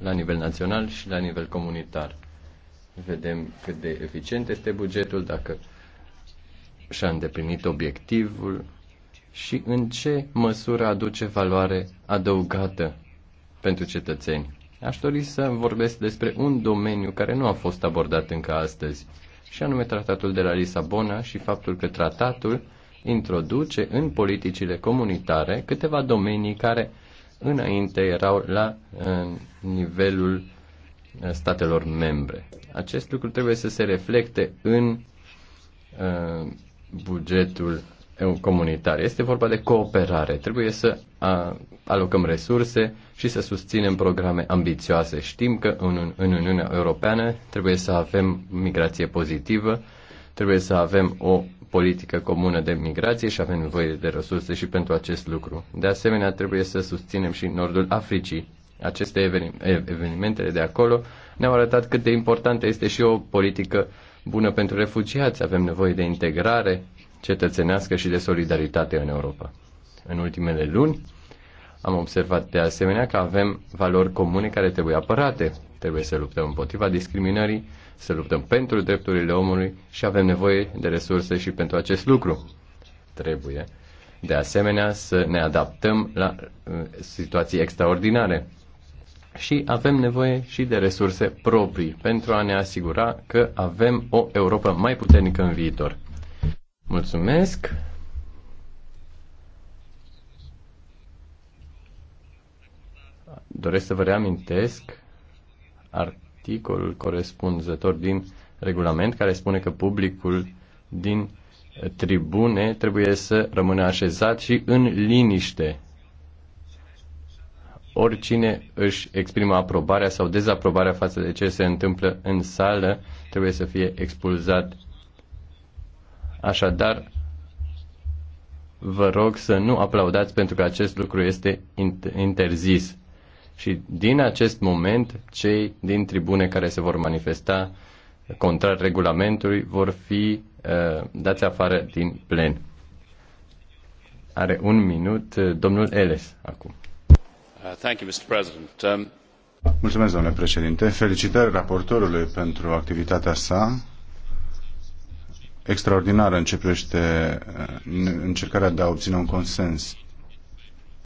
la nivel național și la nivel comunitar. Vedem cât de eficient este bugetul, dacă și-a îndeplinit obiectivul și în ce măsură aduce valoare adăugată pentru cetățeni. Aș dori să vorbesc despre un domeniu care nu a fost abordat încă astăzi, și anume tratatul de la Lisabona și faptul că tratatul introduce în politicile comunitare câteva domenii care înainte erau la nivelul uh, statelor membre. Acest lucru trebuie să se reflecte în uh, bugetul comunitar. Este vorba de cooperare. Trebuie să alocăm resurse și să susținem programe ambițioase. Știm că în, în Uniunea Europeană trebuie să avem migrație pozitivă, trebuie să avem o politică comună de migrație și avem nevoie de resurse și pentru acest lucru. De asemenea, trebuie să susținem și Nordul Africii. Aceste evenimentele de acolo ne-au arătat cât de importantă este și o politică uh, bună pentru refugiați, avem nevoie de integrare cetățenească și de solidaritate în Europa. În ultimele luni am observat de asemenea că avem valori comune care trebuie apărate. Trebuie să luptăm împotriva discriminării, să luptăm pentru drepturile omului și avem nevoie de resurse și pentru acest lucru. Trebuie de asemenea să ne adaptăm la uh, situații extraordinare și avem nevoie și de resurse proprii pentru a ne asigura că avem o Europa mai puternică în viitor. Mulțumesc! Doresc să vă reamintesc articolul corespunzător din regulament care spune că publicul din tribune trebuie să rămână așezat și în liniște oricine își exprimă aprobarea sau dezaprobarea față de ce se întâmplă în sală trebuie să fie expulzat. Așadar, vă rog să nu aplaudați pentru că acest lucru este interzis. Și din acest moment, cei din tribune care se vor manifesta contrar regulamentului vor fi uh, dați afară din plen. Are un minut uh, domnul Eles acum. Uh, um, Mulțumesc, domnule președinte. Felicitări raportorului pentru activitatea sa extraordinară în ce privește uh, încercarea de a obține un consens.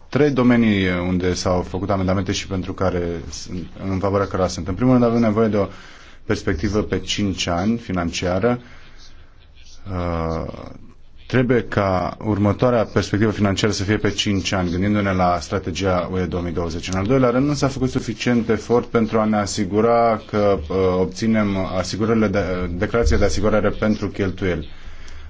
Trei domenii unde s-au făcut amendamente și pentru care în favoarea cărora sunt. În primul rând avem nevoie de o perspectivă pe 5 ani financiară. Uh, Trebuie ca următoarea perspectivă financiară să fie pe 5 ani, gândindu-ne la strategia UE 2020. În al doilea rând, nu s-a făcut suficient efort pentru a ne asigura că uh, obținem asigurările de, uh, declarația de asigurare pentru cheltuieli.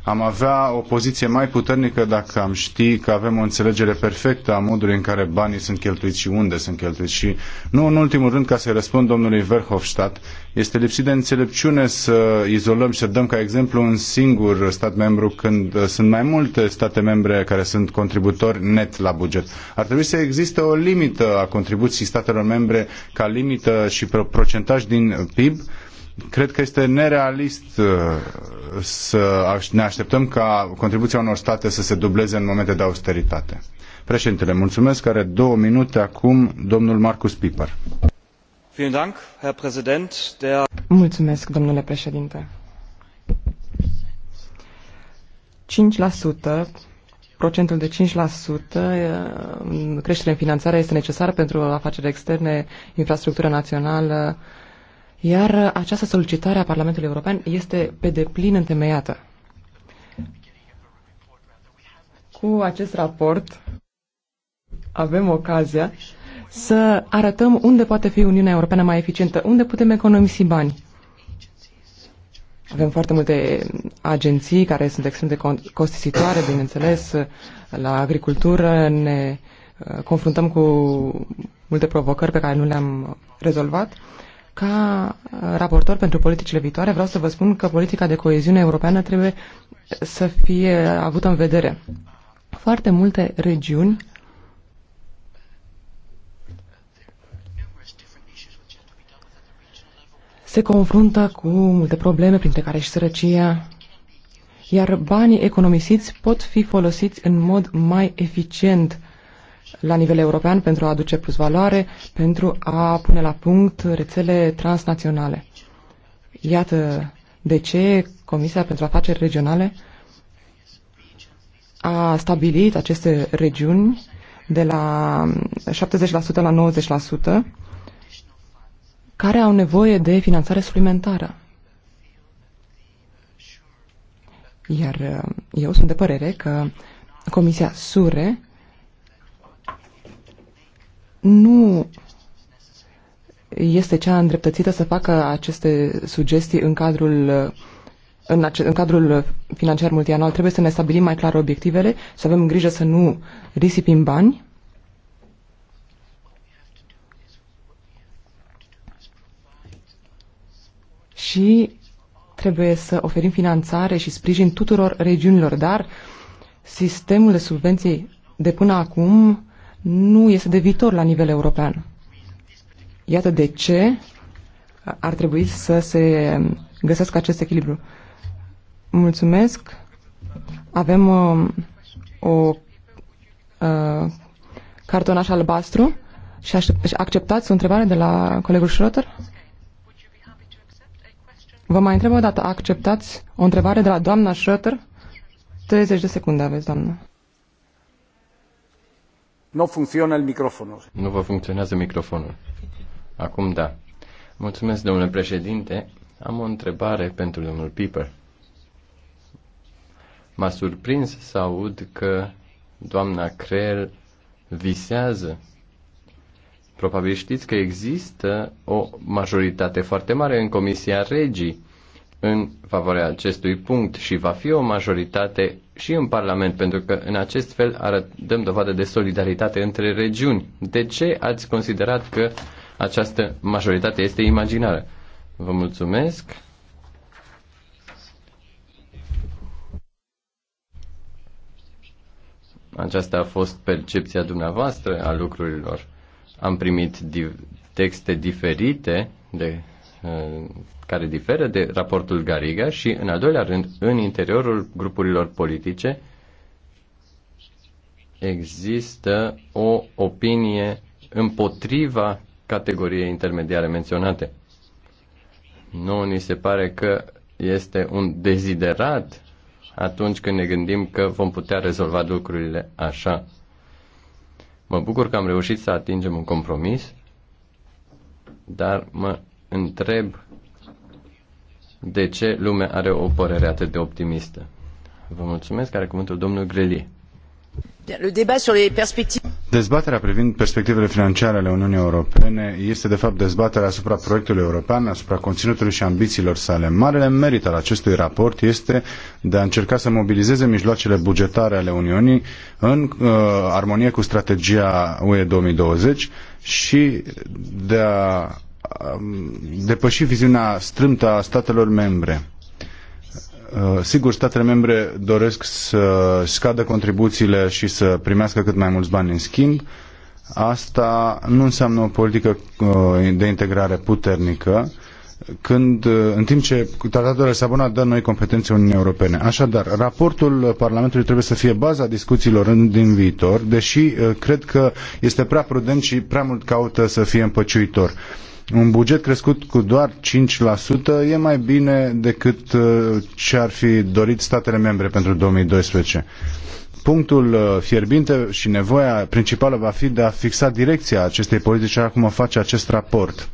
Am avea o poziție mai puternică dacă am ști că avem o înțelegere perfectă a modului în care banii sunt cheltuiți și unde sunt cheltuiți. Și nu în ultimul rând, ca să-i răspund domnului Verhofstadt, este lipsit de înțelepciune să izolăm și să dăm ca exemplu un singur stat membru când uh, sunt mai multe state membre care sunt contributori net la buget. Ar trebui să existe o limită a contribuției statelor membre ca limită și procentaj din PIB cred că este nerealist uh, să ne așteptăm ca contribuția unor state să se dubleze în momente de austeritate. Președintele, mulțumesc. Are două minute acum domnul Marcus Piper. Mulțumesc, domnule președinte. 5%, procentul de 5% creștere în finanțare este necesară pentru afaceri externe, infrastructură națională, iar această solicitare a Parlamentului European este pe deplin întemeiată. Cu acest raport avem ocazia să arătăm unde poate fi Uniunea Europeană mai eficientă, unde putem economisi bani. Avem foarte multe agenții care sunt extrem de costisitoare, bineînțeles, la agricultură ne uh, confruntăm cu multe provocări pe care nu le-am rezolvat ca raportor pentru politicile viitoare, vreau să vă spun că politica de coeziune europeană trebuie să fie avută în vedere. Foarte multe regiuni se confruntă cu multe probleme, printre care și sărăcia, iar banii economisiți pot fi folosiți în mod mai eficient la nivel european pentru a aduce plus valoare, pentru a pune la punct rețele transnaționale. Iată de ce Comisia pentru Afaceri Regionale a stabilit aceste regiuni de la 70% la 90% care au nevoie de finanțare suplimentară. Iar uh, eu sunt de părere că Comisia SURE nu este cea îndreptățită să facă aceste sugestii în cadrul în, ace- în cadrul financiar multianual trebuie să ne stabilim mai clar obiectivele, să avem grijă să nu risipim bani. Și trebuie să oferim finanțare și sprijin tuturor regiunilor, dar sistemul de subvenții de până acum nu este de viitor la nivel european. Iată de ce ar trebui să se găsească acest echilibru. Mulțumesc. Avem uh, o uh, cartonaș albastru și aștept, acceptați o întrebare de la colegul Schroeter? Vă mai întreb o dată, acceptați o întrebare de la doamna Schroeter? 30 de secunde aveți, doamnă. Nu funcționează microfonul. Nu vă funcționează microfonul. Acum da. Mulțumesc, domnule președinte. Am o întrebare pentru domnul Piper. M-a surprins să aud că doamna Creel visează. Probabil știți că există o majoritate foarte mare în Comisia Regii în favoarea acestui punct și va fi o majoritate și în Parlament, pentru că în acest fel arătăm dovadă de solidaritate între regiuni. De ce ați considerat că această majoritate este imaginară? Vă mulțumesc. Aceasta a fost percepția dumneavoastră a lucrurilor. Am primit texte diferite de Uh, care diferă de raportul Gariga și, în al doilea rând, în interiorul grupurilor politice există o opinie împotriva categoriei intermediare menționate. Nu ni se pare că este un deziderat atunci când ne gândim că vom putea rezolva lucrurile așa. Mă bucur că am reușit să atingem un compromis, dar mă întreb de ce lumea are o părere atât de optimistă. Vă mulțumesc. Are cuvântul domnul Grelie. Dezbaterea privind perspectivele financiare ale Uniunii Europene este de fapt dezbaterea asupra proiectului european, asupra conținutului și ambițiilor sale. Marele merit al acestui raport este de a încerca să mobilizeze mijloacele bugetare ale Uniunii în uh, armonie cu strategia UE 2020 și de a depăși viziunea strâmtă a statelor membre. Uh, sigur, statele membre doresc să scadă contribuțiile și să primească cât mai mulți bani în schimb. Asta nu înseamnă o politică uh, de integrare puternică, când, uh, în timp ce Tratatul de Lisabona dă noi competențe Uniunii Europene. Așadar, raportul Parlamentului trebuie să fie baza discuțiilor în, din viitor, deși cred că este prea prudent și prea mult caută să fie împăciuitor un buget crescut cu doar 5% e mai bine decât uh, ce ar fi dorit statele membre pentru 2012. Punctul uh, fierbinte și nevoia principală va fi de a fixa direcția acestei politici, așa cum o face acest raport.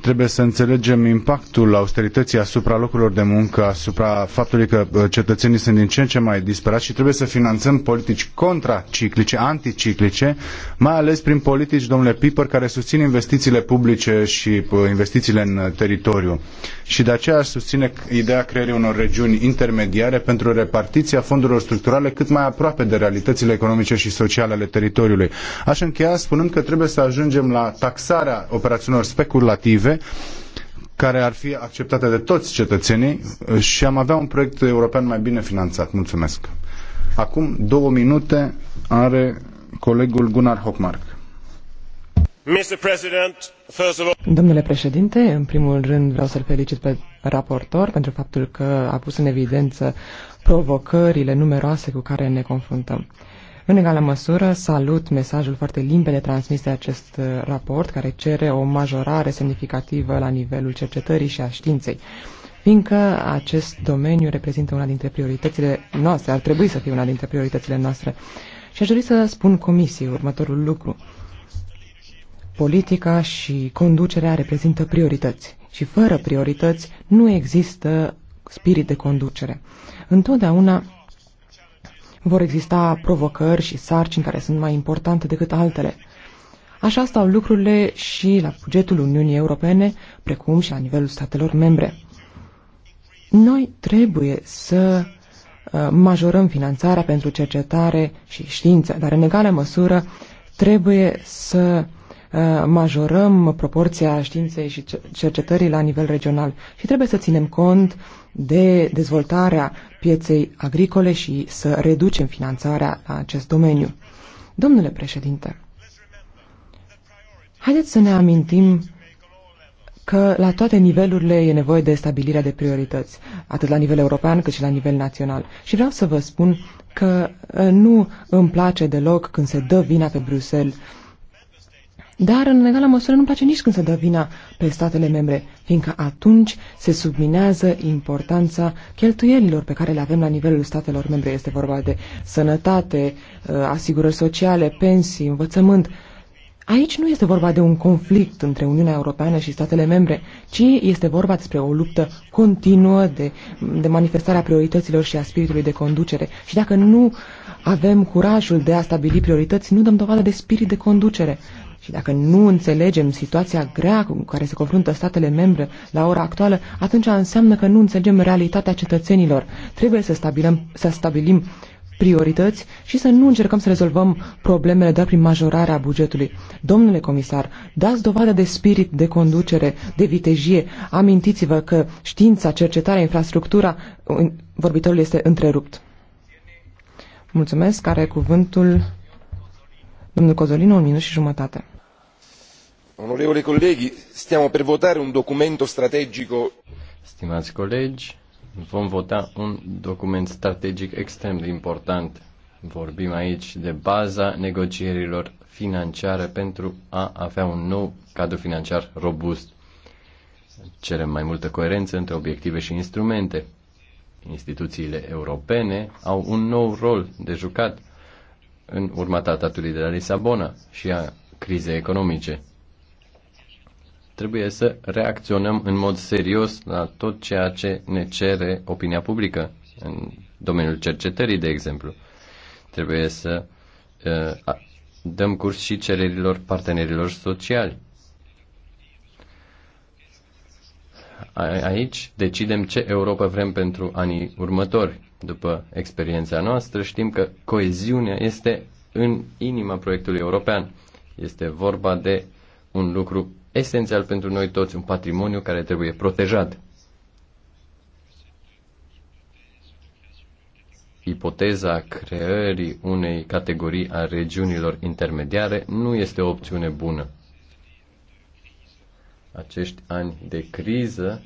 Trebuie să înțelegem impactul austerității asupra locurilor de muncă, asupra faptului că uh, cetățenii sunt din ce în ce mai disperați și trebuie să finanțăm politici contraciclice, anticiclice, mai ales prin politici, domnule Piper, care susțin investițiile publice și uh, investițiile în uh, teritoriu. Și de aceea susține ideea creării unor regiuni intermediare pentru repartiția fondurilor structurale cât mai aproape de realitățile economice și sociale ale teritoriului. Aș încheia spunând că trebuie să ajungem la taxarea operațiunilor speculative obiective care ar fi acceptate de toți cetățenii și am avea un proiect european mai bine finanțat. Mulțumesc. Acum două minute are colegul Gunnar Hockmark. Domnule președinte, în primul rând vreau să-l felicit pe raportor pentru faptul că a pus în evidență provocările numeroase cu care ne confruntăm. În egală măsură, salut mesajul foarte limpede transmis de acest uh, raport, care cere o majorare semnificativă la nivelul cercetării și a științei. Fiindcă acest domeniu reprezintă una dintre prioritățile noastre, ar trebui să fie una dintre prioritățile noastre. Și aș dori să spun comisiei următorul lucru. Politica și conducerea reprezintă priorități și fără priorități nu există spirit de conducere. Întotdeauna vor exista provocări și sarcini care sunt mai importante decât altele. Așa stau lucrurile și la bugetul Uniunii Europene, precum și la nivelul statelor membre. Noi trebuie să uh, majorăm finanțarea pentru cercetare și știință, dar în egală măsură trebuie să uh, majorăm proporția științei și cercetării la nivel regional și trebuie să ținem cont de dezvoltarea pieței agricole și să reducem finanțarea la acest domeniu. Domnule președinte, haideți să ne amintim că la toate nivelurile e nevoie de stabilirea de priorități, atât la nivel european cât și la nivel național. Și vreau să vă spun că uh, nu îmi place deloc când se dă vina pe Bruxelles dar în egală măsură nu-mi place nici când se dă vina pe statele membre, fiindcă atunci se subminează importanța cheltuielilor pe care le avem la nivelul statelor membre. Este vorba de sănătate, uh, asigurări sociale, pensii, învățământ. Aici nu este vorba de un conflict între Uniunea Europeană și statele membre, ci este vorba despre o luptă continuă de, de manifestarea priorităților și a spiritului de conducere. Și dacă nu avem curajul de a stabili priorități, nu dăm dovadă de spirit de conducere. Și dacă nu înțelegem situația grea cu care se confruntă statele membre la ora actuală, atunci înseamnă că nu înțelegem realitatea cetățenilor. Trebuie să, stabilim, să stabilim priorități și să nu încercăm să rezolvăm problemele doar prin majorarea bugetului. Domnule comisar, dați dovadă de spirit, de conducere, de vitejie. Amintiți-vă că știința, cercetarea, infrastructura, vorbitorul este întrerupt. Mulțumesc, are cuvântul domnul Cozolino, un minut și jumătate onorevoli colleghi stiamo per votare un documento strategico. stimați colegi vom vota un document strategic extrem de important. Vorbim aici de baza negocierilor financiare pentru a avea un nou cadru financiar robust. Cerem mai multă coerență între obiective și instrumente. Instituțiile europene au un nou rol de jucat în urma tratatului de la Lisabona și a crizei economice. Trebuie să reacționăm în mod serios la tot ceea ce ne cere opinia publică, în domeniul cercetării, de exemplu. Trebuie să uh, dăm curs și cererilor partenerilor sociali. Aici decidem ce Europa vrem pentru anii următori. După experiența noastră, știm că coeziunea este în inima proiectului european. Este vorba de un lucru esențial pentru noi toți, un patrimoniu care trebuie protejat. Ipoteza creării unei categorii a regiunilor intermediare nu este o opțiune bună. Acești ani de criză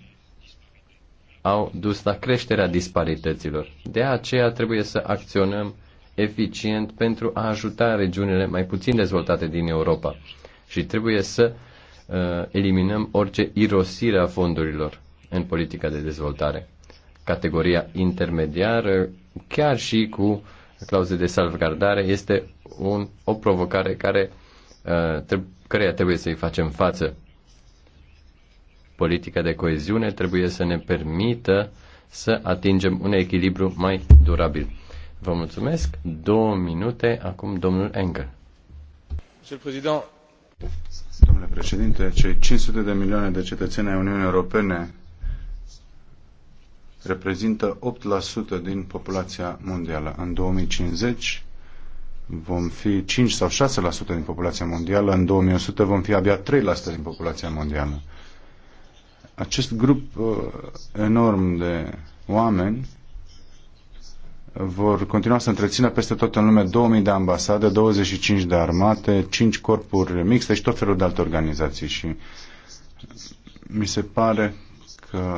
au dus la creșterea disparităților. De aceea trebuie să acționăm eficient pentru a ajuta regiunile mai puțin dezvoltate din Europa. Și trebuie să Uh, eliminăm orice irosire a fondurilor în politica de dezvoltare. Categoria intermediară, chiar și cu clauze de salvgardare, este un, o provocare care căreia uh, trebuie să-i facem față. Politica de coeziune trebuie să ne permită să atingem un echilibru mai durabil. Vă mulțumesc. Două minute acum domnul Engel. Monsieur le Président, Domnule președinte, cei 500 de milioane de cetățeni ai Uniunii Europene reprezintă 8% din populația mondială. În 2050 vom fi 5 sau 6% din populația mondială, în 2100 vom fi abia 3% din populația mondială. Acest grup uh, enorm de oameni vor continua să întrețină peste tot în lume 2000 de ambasade, 25 de armate, 5 corpuri mixte și tot felul de alte organizații și mi se pare că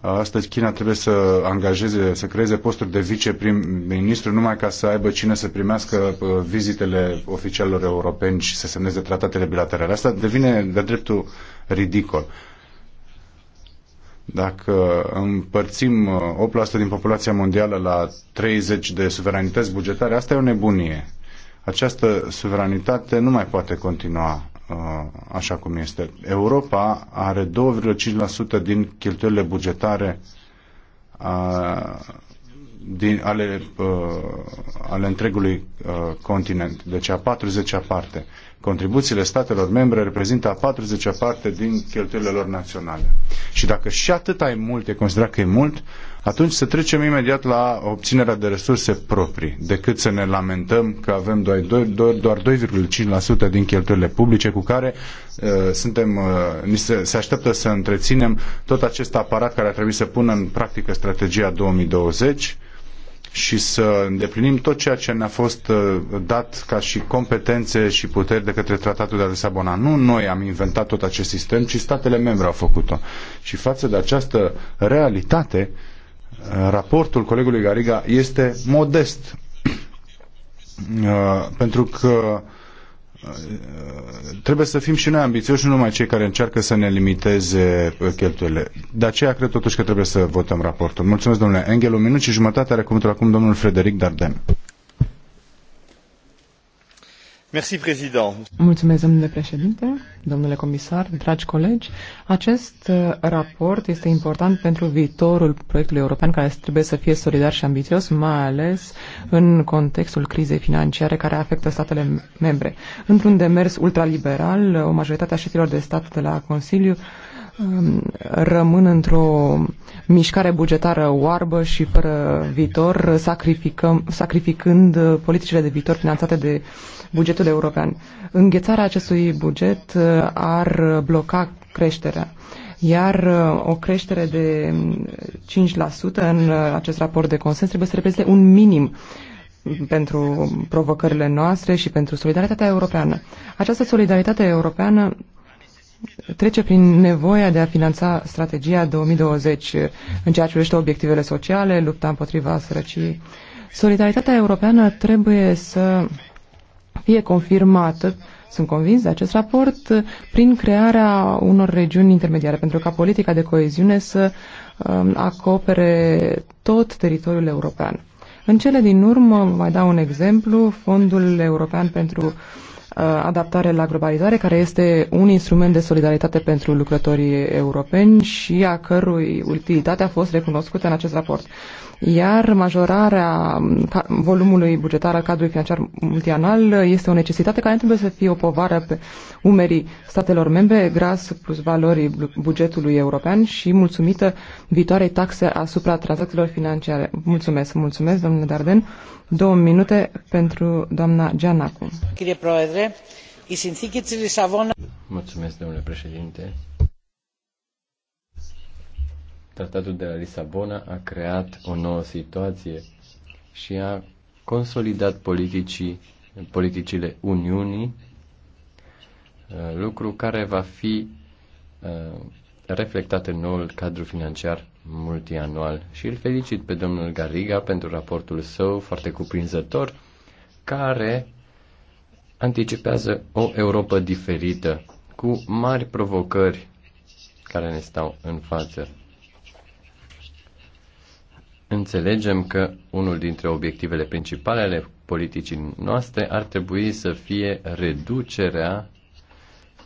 astăzi China trebuie să angajeze, să creeze posturi de viceprim-ministru numai ca să aibă cine să primească uh, vizitele oficialilor europeni și să semneze tratatele bilaterale. Asta devine de dreptul ridicol. Dacă împărțim 8% uh, din populația mondială la 30 de suveranități bugetare, asta e o nebunie. Această suveranitate nu mai poate continua uh, așa cum este. Europa are 2,5% din cheltuielile bugetare a, uh, din, ale, a, ale întregului a, continent, deci a 40-a parte. Contribuțiile statelor membre reprezintă a 40-a parte din cheltuielile lor naționale. Și dacă și atât ai mult, e considerat că e mult, atunci să trecem imediat la obținerea de resurse proprii, decât să ne lamentăm că avem doar, doar 2,5% din cheltuielile publice cu care uh, suntem, uh, se, se așteaptă să întreținem tot acest aparat care ar trebui să pună în practică strategia 2020 și să îndeplinim tot ceea ce ne-a fost uh, dat ca și competențe și puteri de către Tratatul de la Lisabona. Nu noi am inventat tot acest sistem, ci statele membre au făcut-o. Și față de această realitate, uh, raportul colegului Gariga este modest. *clears throat* Uh, pentru că trebuie să fim și noi ambițioși, nu numai cei care încearcă să ne limiteze cheltuielile. De aceea cred totuși că trebuie să votăm raportul. Mulțumesc, domnule Engel. Un minut și jumătate are cuvântul acum domnul Frederic Darden. Mulțumesc, domnule președinte, domnule comisar, dragi colegi. Acest uh, raport este important pentru viitorul proiectului european care trebuie să fie solidar și ambițios, mai ales în contextul crizei financiare care afectă statele membre. Într-un demers ultraliberal, o majoritate a șefilor de stat de la Consiliu Um, rămân într-o mișcare bugetară oarbă și fără viitor, sacrificăm, sacrificând politicile de viitor finanțate de bugetul european. Înghețarea acestui buget uh, ar bloca creșterea iar uh, o creștere de 5% în uh, acest raport de consens trebuie să reprezinte un minim pentru provocările noastre și pentru solidaritatea europeană. Această solidaritate europeană trece prin nevoia de a finanța strategia 2020 în ceea ce privește obiectivele sociale, lupta împotriva sărăciei. Solidaritatea europeană trebuie să fie confirmată, sunt convins de acest raport, prin crearea unor regiuni intermediare, pentru ca politica de coeziune să um, acopere tot teritoriul european. În cele din urmă, mai dau un exemplu, Fondul European pentru uh, Uh, adaptare la globalizare, care este un instrument de solidaritate pentru lucrătorii europeni și a cărui utilitate a fost recunoscută în acest raport. Iar majorarea um, volumului bugetar al cadrului financiar multianual uh, este o necesitate care trebuie să fie o povară pe umerii statelor membre, gras plus valorii bugetului european și mulțumită viitoarei taxe asupra tranzacțiilor financiare. Mulțumesc, mulțumesc, domnule Darden. Două minute pentru doamna Gianacu. Mulțumesc, domnule președinte. Tratatul de la Lisabona a creat o nouă situație și a consolidat politicii, politicile Uniunii, uh, lucru care va fi uh, reflectat în noul cadru financiar multianual și îl felicit pe domnul Gariga pentru raportul său foarte cuprinzător, care anticipează o Europa diferită, cu mari provocări care ne stau în față. Înțelegem că unul dintre obiectivele principale ale politicii noastre ar trebui să fie reducerea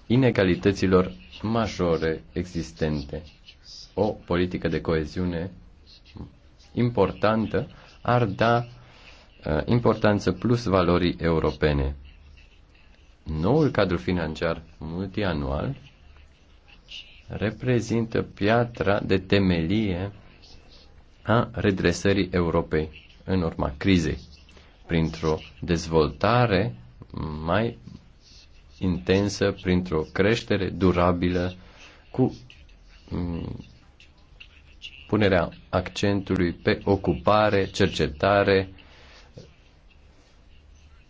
inegalităților majore existente o politică de coeziune importantă ar da uh, importanță plus valorii europene. Noul cadru financiar multianual reprezintă piatra de temelie a redresării Europei în urma crizei, printr-o dezvoltare mai intensă, printr-o creștere durabilă cu mm, punerea accentului pe ocupare, cercetare,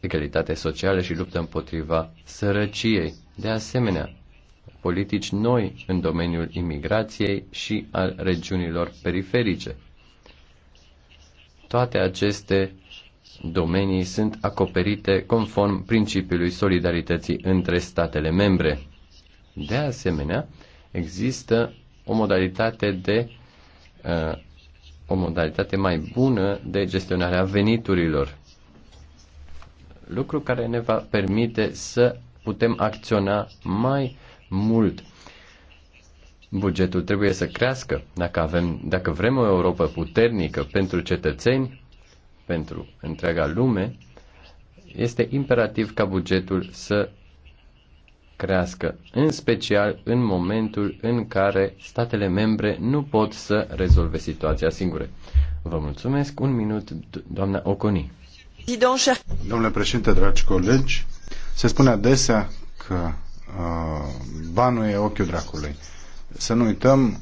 egalitate socială și luptă împotriva sărăciei. De asemenea, politici noi în domeniul imigrației și al regiunilor periferice. Toate aceste domenii sunt acoperite conform principiului solidarității între statele membre. De asemenea, există o modalitate de Uh, o modalitate mai bună de gestionare a veniturilor. Lucru care ne va permite să putem acționa mai mult. Bugetul trebuie să crească. Dacă, avem, dacă vrem o Europa puternică pentru cetățeni, pentru întreaga lume, este imperativ ca bugetul să crească, în special în momentul în care statele membre nu pot să rezolve situația singure. Vă mulțumesc. Un minut, doamna Oconi. Domnule președinte, dragi colegi, se spune adesea că uh, banul e ochiul dracului. Să nu uităm,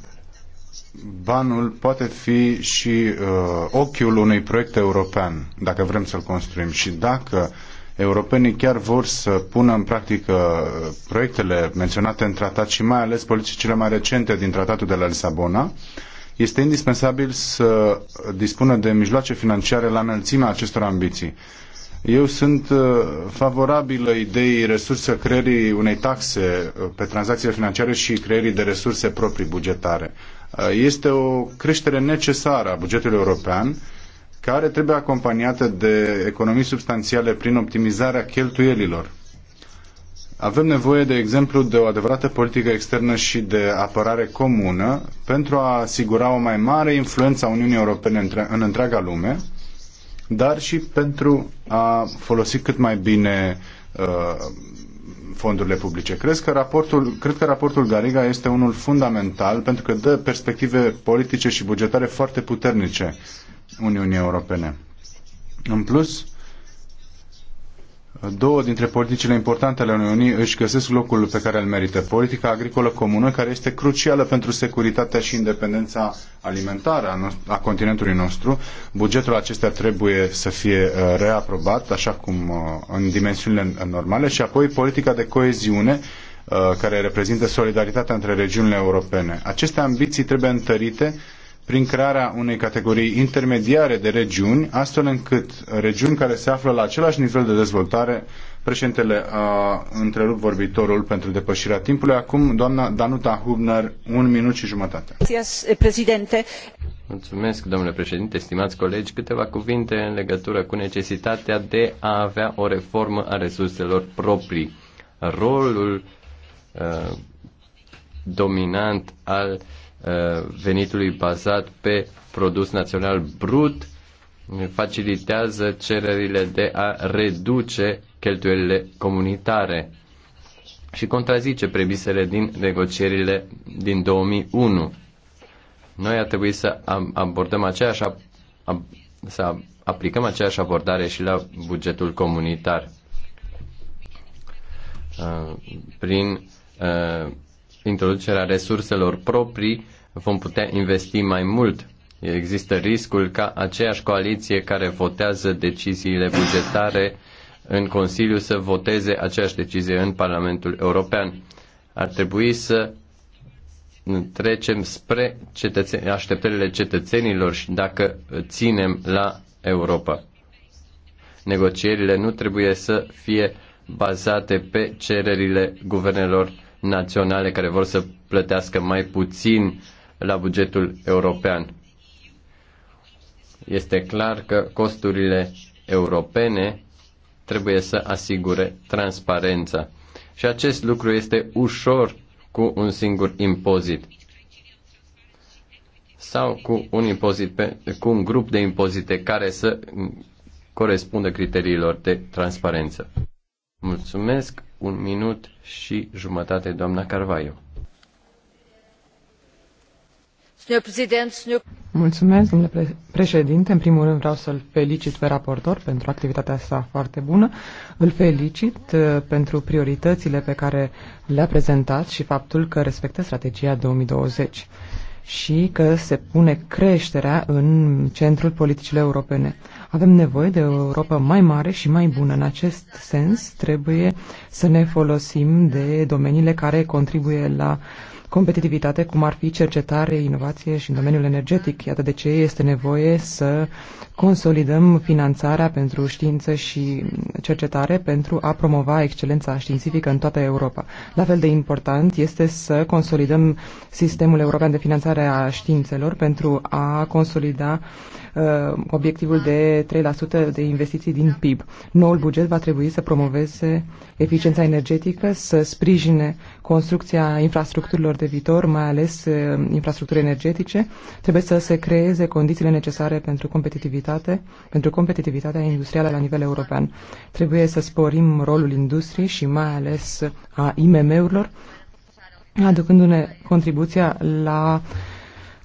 banul poate fi și uh, ochiul unui proiect european, dacă vrem să-l construim. Și dacă uh, europenii chiar vor să pună în practică proiectele menționate în tratat și mai ales politicile mai recente din tratatul de la Lisabona, este indispensabil să dispună de mijloace financiare la înălțimea acestor ambiții. Eu sunt uh, favorabilă ideii resurse creierii unei taxe uh, pe tranzacțiile financiare și creierii de resurse proprii bugetare. Uh, este o creștere necesară a bugetului european care trebuie acompaniată de economii substanțiale prin optimizarea cheltuielilor. Avem nevoie, de exemplu, de o adevărată politică externă și de apărare comună pentru a asigura o mai mare influență a Uniunii Europene în întreaga lume, dar și pentru a folosi cât mai bine uh, fondurile publice. Cred că, raportul, cred că raportul Gariga este unul fundamental pentru că dă perspective politice și bugetare foarte puternice Uniunii Europene. În plus, două dintre politicile importante ale Uniunii își găsesc locul pe care îl merită. Politica agricolă comună, care este crucială pentru securitatea și independența alimentară a, continentului nostru. Bugetul acesta trebuie să fie uh, reaprobat, așa cum uh, în dimensiunile normale, și apoi politica de coeziune, uh, care reprezintă solidaritatea între regiunile europene. Aceste ambiții trebuie întărite prin crearea unei categorii intermediare de regiuni, astfel încât regiuni care se află la același nivel de dezvoltare, președintele a întrerupt vorbitorul pentru depășirea timpului. Acum, doamna Danuta Hubner, un minut și jumătate. Eh, Mulțumesc, domnule președinte, stimați colegi. Câteva cuvinte în legătură cu necesitatea de a avea o reformă a resurselor proprii. Rolul uh, dominant al uh, Uh, venitului bazat pe produs național brut facilitează cererile de a reduce cheltuielile comunitare și contrazice premisele din negocierile din 2001. Noi ar trebui să abordăm aceeași, să aplicăm aceeași abordare și la bugetul comunitar. Uh, prin uh, introducerea resurselor proprii vom putea investi mai mult. Există riscul ca aceeași coaliție care votează deciziile bugetare în Consiliu să voteze aceeași decizie în Parlamentul European. Ar trebui să trecem spre cetățen- așteptările cetățenilor și dacă ținem la Europa. Negocierile nu trebuie să fie bazate pe cererile guvernelor naționale care vor să plătească mai puțin la bugetul european. Este clar că costurile europene trebuie să asigure transparența. Și acest lucru este ușor cu un singur impozit sau cu un, impozit pe, cu un grup de impozite care să corespundă criteriilor de transparență. Mulțumesc. Un minut și jumătate, doamna Carvaiu. Mulțumesc, domnule președinte. În primul rând vreau să-l felicit pe raportor pentru activitatea sa foarte bună. Îl felicit uh, pentru prioritățile pe care le-a prezentat și faptul că respectă strategia 2020 și că se pune creșterea în centrul politicilor europene. Avem nevoie de o Europa mai mare și mai bună. În acest sens, trebuie să ne folosim de domeniile care contribuie la uh, competitivitate, cum ar fi cercetare, inovație și în domeniul energetic. Iată de ce este nevoie să consolidăm finanțarea pentru știință și cercetare pentru a promova excelența științifică în toată Europa. La fel de important este să consolidăm sistemul european de finanțare a științelor pentru a consolida uh, obiectivul de 3% de investiții din PIB. Noul buget va trebui să promoveze eficiența energetică, să sprijine construcția infrastructurilor de viitor, mai ales uh, infrastructuri energetice, trebuie să se creeze condițiile necesare pentru competitivitate, pentru competitivitatea industrială la nivel european. Trebuie să sporim rolul industriei și mai ales a IMM-urilor, aducându-ne contribuția la uh,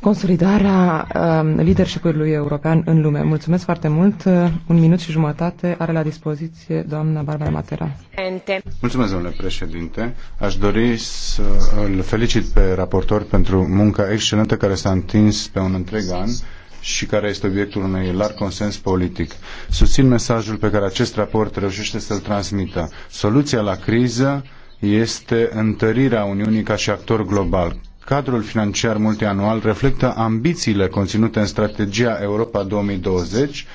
consolidarea uh, leadership-ului european în lume. Mulțumesc foarte mult. Uh, un minut și jumătate are la dispoziție doamna Barbara Matera. Mulțumesc, domnule președinte. Aș dori să îl felicit pe raportor pentru munca excelentă care s-a întins pe un întreg an și care este obiectul unui larg consens politic. Susțin mesajul pe care acest raport reușește să-l transmită. Soluția la criză este întărirea Uniunii ca și actor global cadrul financiar multianual reflectă ambițiile conținute în strategia Europa 2020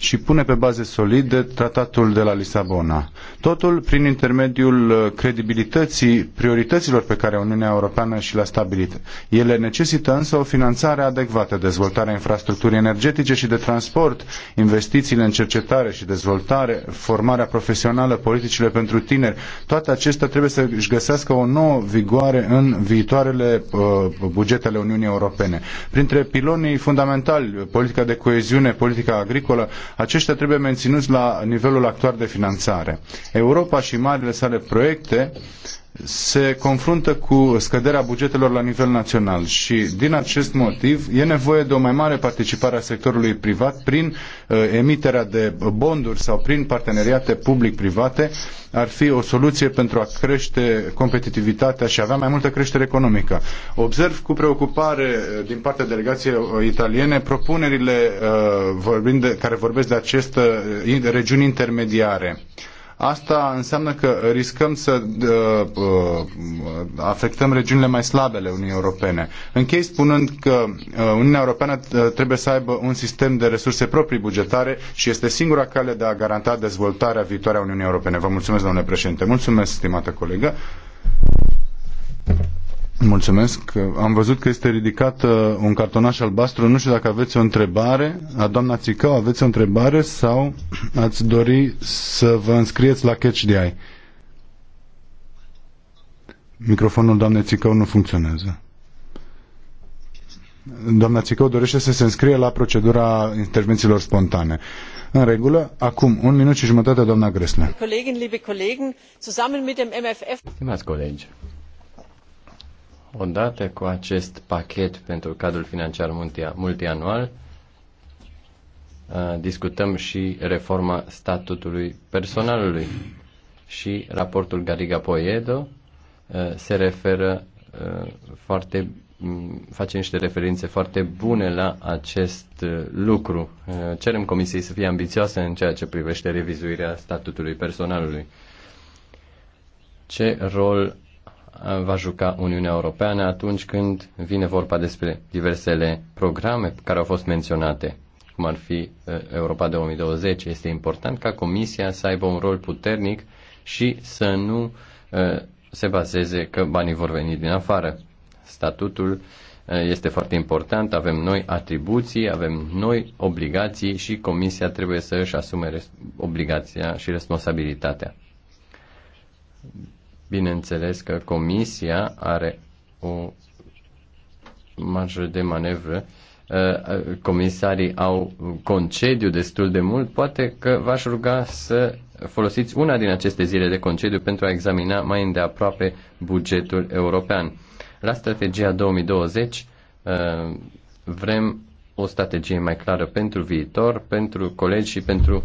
și pune pe baze solide tratatul de la Lisabona. Totul prin intermediul uh, credibilității priorităților pe care Uniunea Europeană și le-a stabilit. Ele necesită însă o finanțare adecvată, dezvoltarea infrastructurii energetice și de transport, investițiile în cercetare și dezvoltare, formarea profesională, politicile pentru tineri. Toate acestea trebuie să își găsească o nouă vigoare în viitoarele uh, bugetele Uniunii Europene. Printre pilonii fundamentali, politica de coeziune, politica agricolă, aceștia trebuie menținuți la nivelul actual de finanțare. Europa și marile sale proiecte se confruntă cu scăderea bugetelor la nivel național și din acest motiv e nevoie de o mai mare participare a sectorului privat prin uh, emiterea de bonduri sau prin parteneriate public-private ar fi o soluție pentru a crește competitivitatea și a avea mai multă creștere economică. Observ cu preocupare uh, din partea delegației uh, italiene propunerile uh, vorbind de, care vorbesc de aceste uh, regiuni intermediare. Uh, Asta înseamnă că riscăm să uh, uh, afectăm regiunile mai slabe ale Uniunii Europene. Închei spunând că uh, Uniunea Europeană trebuie să aibă un sistem de resurse proprii bugetare și este singura cale de a garanta dezvoltarea viitoare a Uniunii Europene. Vă mulțumesc, domnule președinte. Mulțumesc, stimată colegă. Mulțumesc. Am văzut că este ridicat un cartonaș albastru. Nu știu dacă aveți o întrebare. A doamna Țicău, aveți o întrebare sau ați dori să vă înscrieți la Catch the Eye? Microfonul doamnei Țicău nu funcționează. Doamna Țicău dorește să se înscrie la procedura intervențiilor spontane. În regulă, acum un minut și jumătate, doamna Gresle. Stimați colegi, odată cu acest pachet pentru cadrul financiar multianual, uh, discutăm și reforma statutului personalului și raportul Gariga-Poiedo uh, se referă uh, foarte face niște referințe foarte bune la acest lucru. Cerem Comisiei să fie ambițioasă în ceea ce privește revizuirea statutului personalului. Ce rol va juca Uniunea Europeană atunci când vine vorba despre diversele programe care au fost menționate, cum ar fi uh, Europa 2020. Este important ca Comisia să aibă un rol puternic și să nu uh, se bazeze că banii vor veni din afară. Statutul uh, este foarte important, avem noi atribuții, avem noi obligații și Comisia trebuie să își asume obligația și responsabilitatea Bineînțeles că Comisia are o marjă de manevră. Uh, uh, comisarii au concediu destul de mult. Poate că v-aș ruga să folosiți una din aceste zile de concediu pentru a examina mai îndeaproape bugetul european. La strategia 2020 uh, vrem o strategie mai clară pentru viitor, pentru colegi și pentru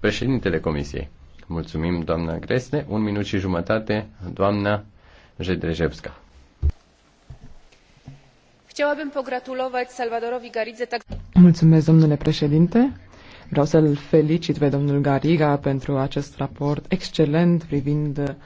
președintele Comisiei. Mulțumim, doamna Gresne. Un minut și jumătate, doamna Jedrzejewska. Chciałabym pogratulować Salvadorowi Garidze tak... Mulțumesc, domnule președinte. Vreau să-l felicit pe domnul Gariga pentru acest raport excelent privind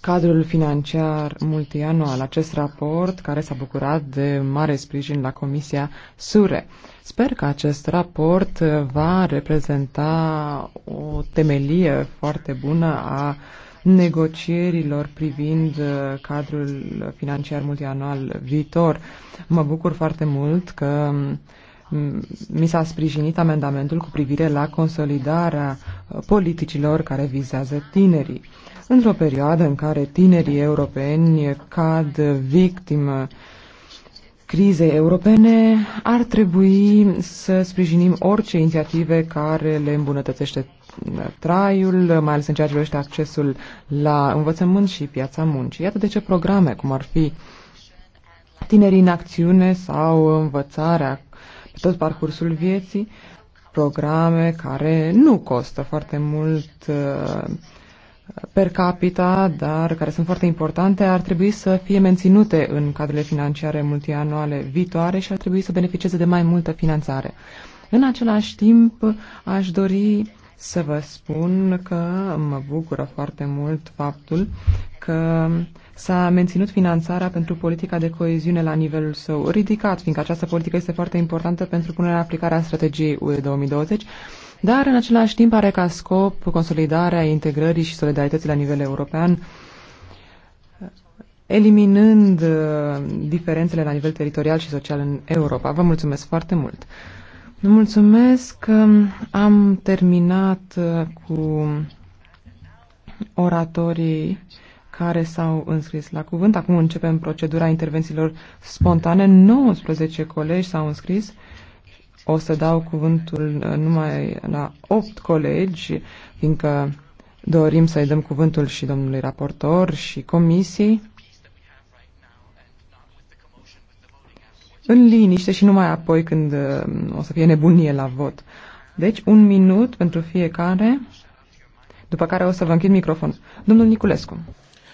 cadrul financiar multianual. Acest raport care s-a bucurat de mare sprijin la Comisia SURE. Sper că acest raport uh, va reprezenta o temelie foarte bună a negocierilor privind uh, cadrul financiar multianual viitor. Mă bucur foarte mult că mm, mi s-a sprijinit amendamentul cu privire la consolidarea uh, politicilor care vizează tinerii. Într-o perioadă în care tinerii europeni cad victimă uh, crizei europene, ar trebui să sprijinim orice inițiative care le îmbunătățește traiul, mai ales în ceea ce privește accesul la învățământ și piața muncii. Iată de ce programe, cum ar fi tinerii în acțiune sau învățarea pe tot parcursul vieții, programe care nu costă foarte mult uh, per capita, dar care sunt foarte importante, ar trebui să fie menținute în cadrele financiare multianuale viitoare și ar trebui să beneficieze de mai multă finanțare. În același timp, aș dori să vă spun că mă bucură foarte mult faptul că s-a menținut finanțarea pentru politica de coeziune la nivelul său ridicat, fiindcă această politică este foarte importantă pentru punerea în aplicare a strategiei UE 2020 dar în același timp are ca scop consolidarea integrării și solidarității la nivel european, eliminând uh, diferențele la nivel teritorial și social în Europa. Vă mulțumesc foarte mult! Mulțumesc! că Am terminat uh, cu oratorii care s-au înscris la cuvânt. Acum începem procedura intervențiilor spontane. 19 colegi s-au înscris o să dau cuvântul uh, numai la opt colegi, fiindcă dorim să-i dăm cuvântul și domnului raportor și comisii. În liniște și numai apoi când uh, o să fie nebunie la vot. Deci un minut pentru fiecare, după care o să vă închid microfon. Domnul Niculescu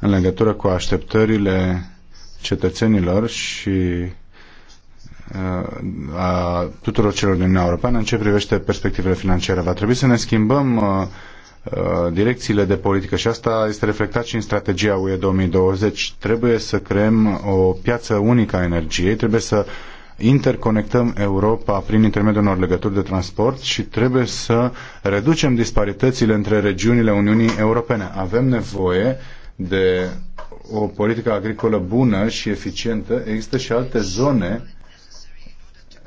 în legătură cu așteptările cetățenilor și uh, a tuturor celor din Uniunea Europeană în ce privește perspectivele financiare. Va trebui să ne schimbăm uh, uh, direcțiile de politică și asta este reflectat și în strategia UE 2020. Trebuie să creăm o piață unică a energiei, trebuie să interconectăm Europa prin intermediul unor legături de transport și trebuie să reducem disparitățile între regiunile Uniunii Europene. Avem nevoie de o politică agricolă bună și eficientă, există și alte zone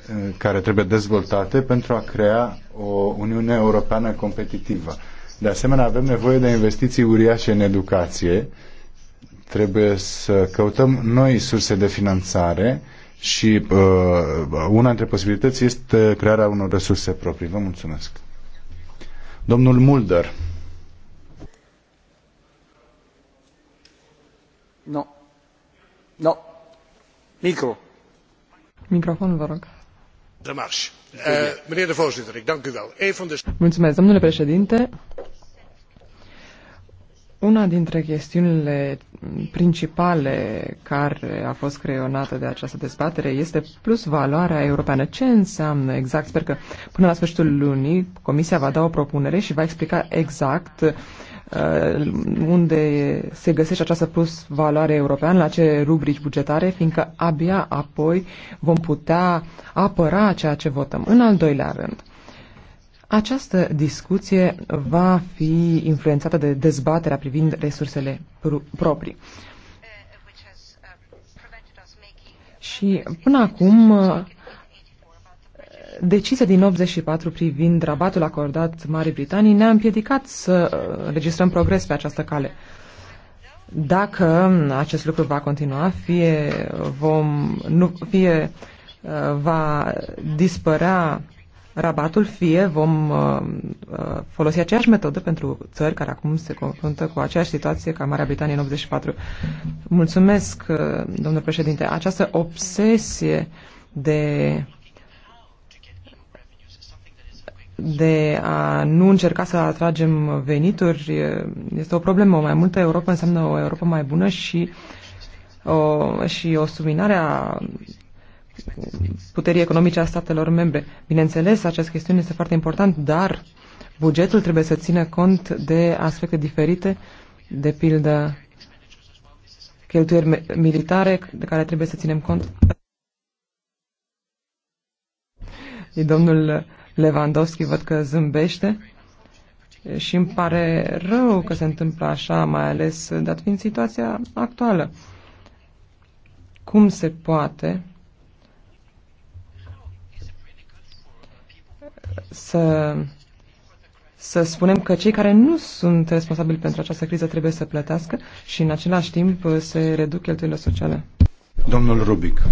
uh, care trebuie dezvoltate pentru a crea o Uniune Europeană competitivă. De asemenea, avem nevoie de investiții uriașe în educație. Trebuie să căutăm noi surse de finanțare și uh, una dintre posibilități este crearea unor resurse proprii. Vă mulțumesc. Domnul Mulder. No. No. Micro. Eh, de voorzitter, domnule președinte. Una dintre chestiunile principale care a fost creionată de această dezbatere este plus valoarea europeană. Ce înseamnă exact? Sper că până la sfârșitul lunii Comisia va da o propunere și va explica exact Uh, unde se găsește această plus valoare europeană, la ce rubrici bugetare, fiindcă abia apoi vom putea apăra ceea ce votăm. În al doilea rând, această discuție va fi influențată de dezbaterea privind resursele pr proprii. Și până acum decizia din 84 privind rabatul acordat Marii Britanii ne-a împiedicat să uh, registrăm progres pe această cale. Dacă uh, acest lucru va continua, fie, vom, nu, fie uh, va dispărea rabatul, fie vom folosi aceeași metodă pentru țări care acum se confruntă cu aceeași situație ca Marea Britanie în 84. Mulțumesc, domnule președinte. Această obsesie de de a nu încerca să atragem venituri este o problemă. mai multă Europa înseamnă o Europa mai bună și o, și o subminare a puterii economice a statelor membre. Bineînțeles, această chestiune este foarte importantă, dar bugetul trebuie să țină cont de aspecte diferite, de pildă cheltuieli militare de care trebuie să ținem cont. Domnul Lewandowski văd că zâmbește și îmi pare rău că se întâmplă așa, mai ales dat fiind situația actuală. Cum se poate să, să spunem că cei care nu sunt responsabili pentru această criză trebuie să plătească și în același timp se reduc cheltuielile sociale? Domnul Rubic.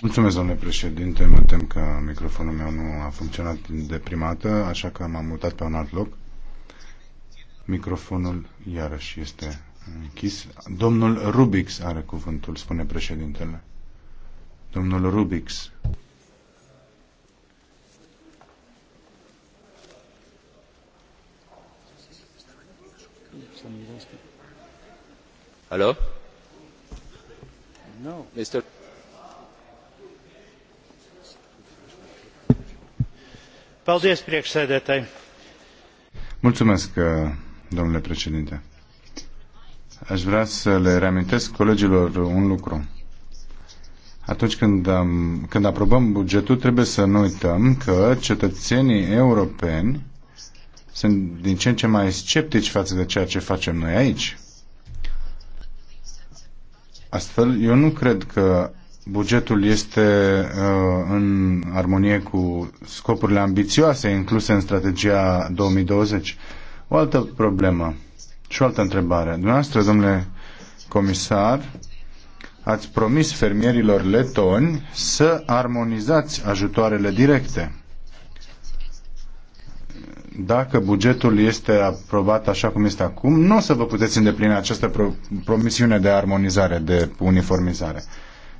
Mulțumesc, domnule președinte. Mă tem că microfonul meu nu a funcționat de prima dată, așa că m-am mutat pe un alt loc. Microfonul iarăși este închis. Domnul Rubix are cuvântul, spune președintele. Domnul Rubix. Mulțumesc, uh, domnule președinte. Aș vrea să le reamintesc colegilor un lucru. Atunci când, am, când aprobăm bugetul, trebuie să nu uităm că cetățenii europeni sunt din ce în ce mai sceptici față de ceea ce facem noi aici. Astfel, eu nu cred că bugetul este uh, în armonie cu scopurile ambițioase incluse în strategia 2020. O altă problemă și o altă întrebare. Dumneavoastră, domnule comisar, ați promis fermierilor letoni să armonizați ajutoarele directe dacă bugetul este aprobat așa cum este acum, nu o să vă puteți îndeplini această pro- promisiune de armonizare, de uniformizare.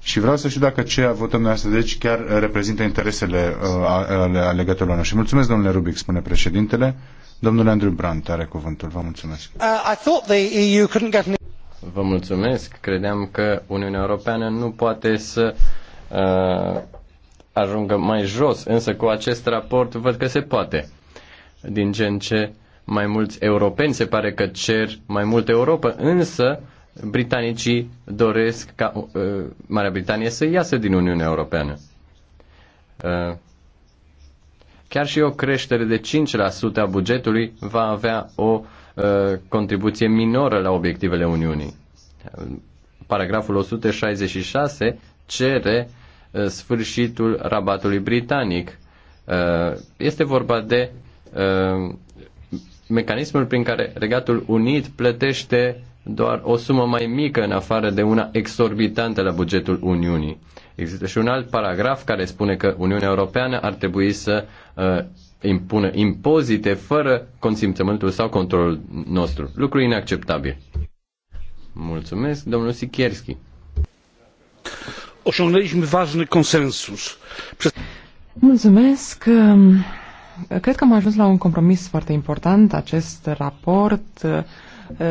Și vreau să știu dacă ce votăm noi astăzi deci chiar reprezintă interesele uh, ale alegătorilor noștri. Mulțumesc, domnule Rubic, spune președintele. Domnule Andrew Brandt are cuvântul. Vă mulțumesc. Uh, get... Vă mulțumesc. Credeam că Uniunea Europeană nu poate să uh, ajungă mai jos, însă cu acest raport văd că se poate din ce în ce mai mulți europeni se pare că cer mai mult Europa, însă britanicii doresc ca uh, Marea Britanie să iasă din Uniunea Europeană. Uh, chiar și o creștere de 5% a bugetului va avea o uh, contribuție minoră la obiectivele Uniunii. Paragraful 166 cere uh, sfârșitul rabatului britanic. Uh, este vorba de Uh, mecanismul prin care Regatul Unit plătește doar o sumă mai mică în afară de una exorbitantă la bugetul Uniunii. Există și un alt paragraf care spune că Uniunea Europeană ar trebui să uh, impună impozite fără consimțământul sau controlul nostru. Lucru inacceptabil. Mulțumesc, domnul Sikierski. Mulțumesc. Um, Cred că am ajuns la un compromis foarte important. Acest raport uh,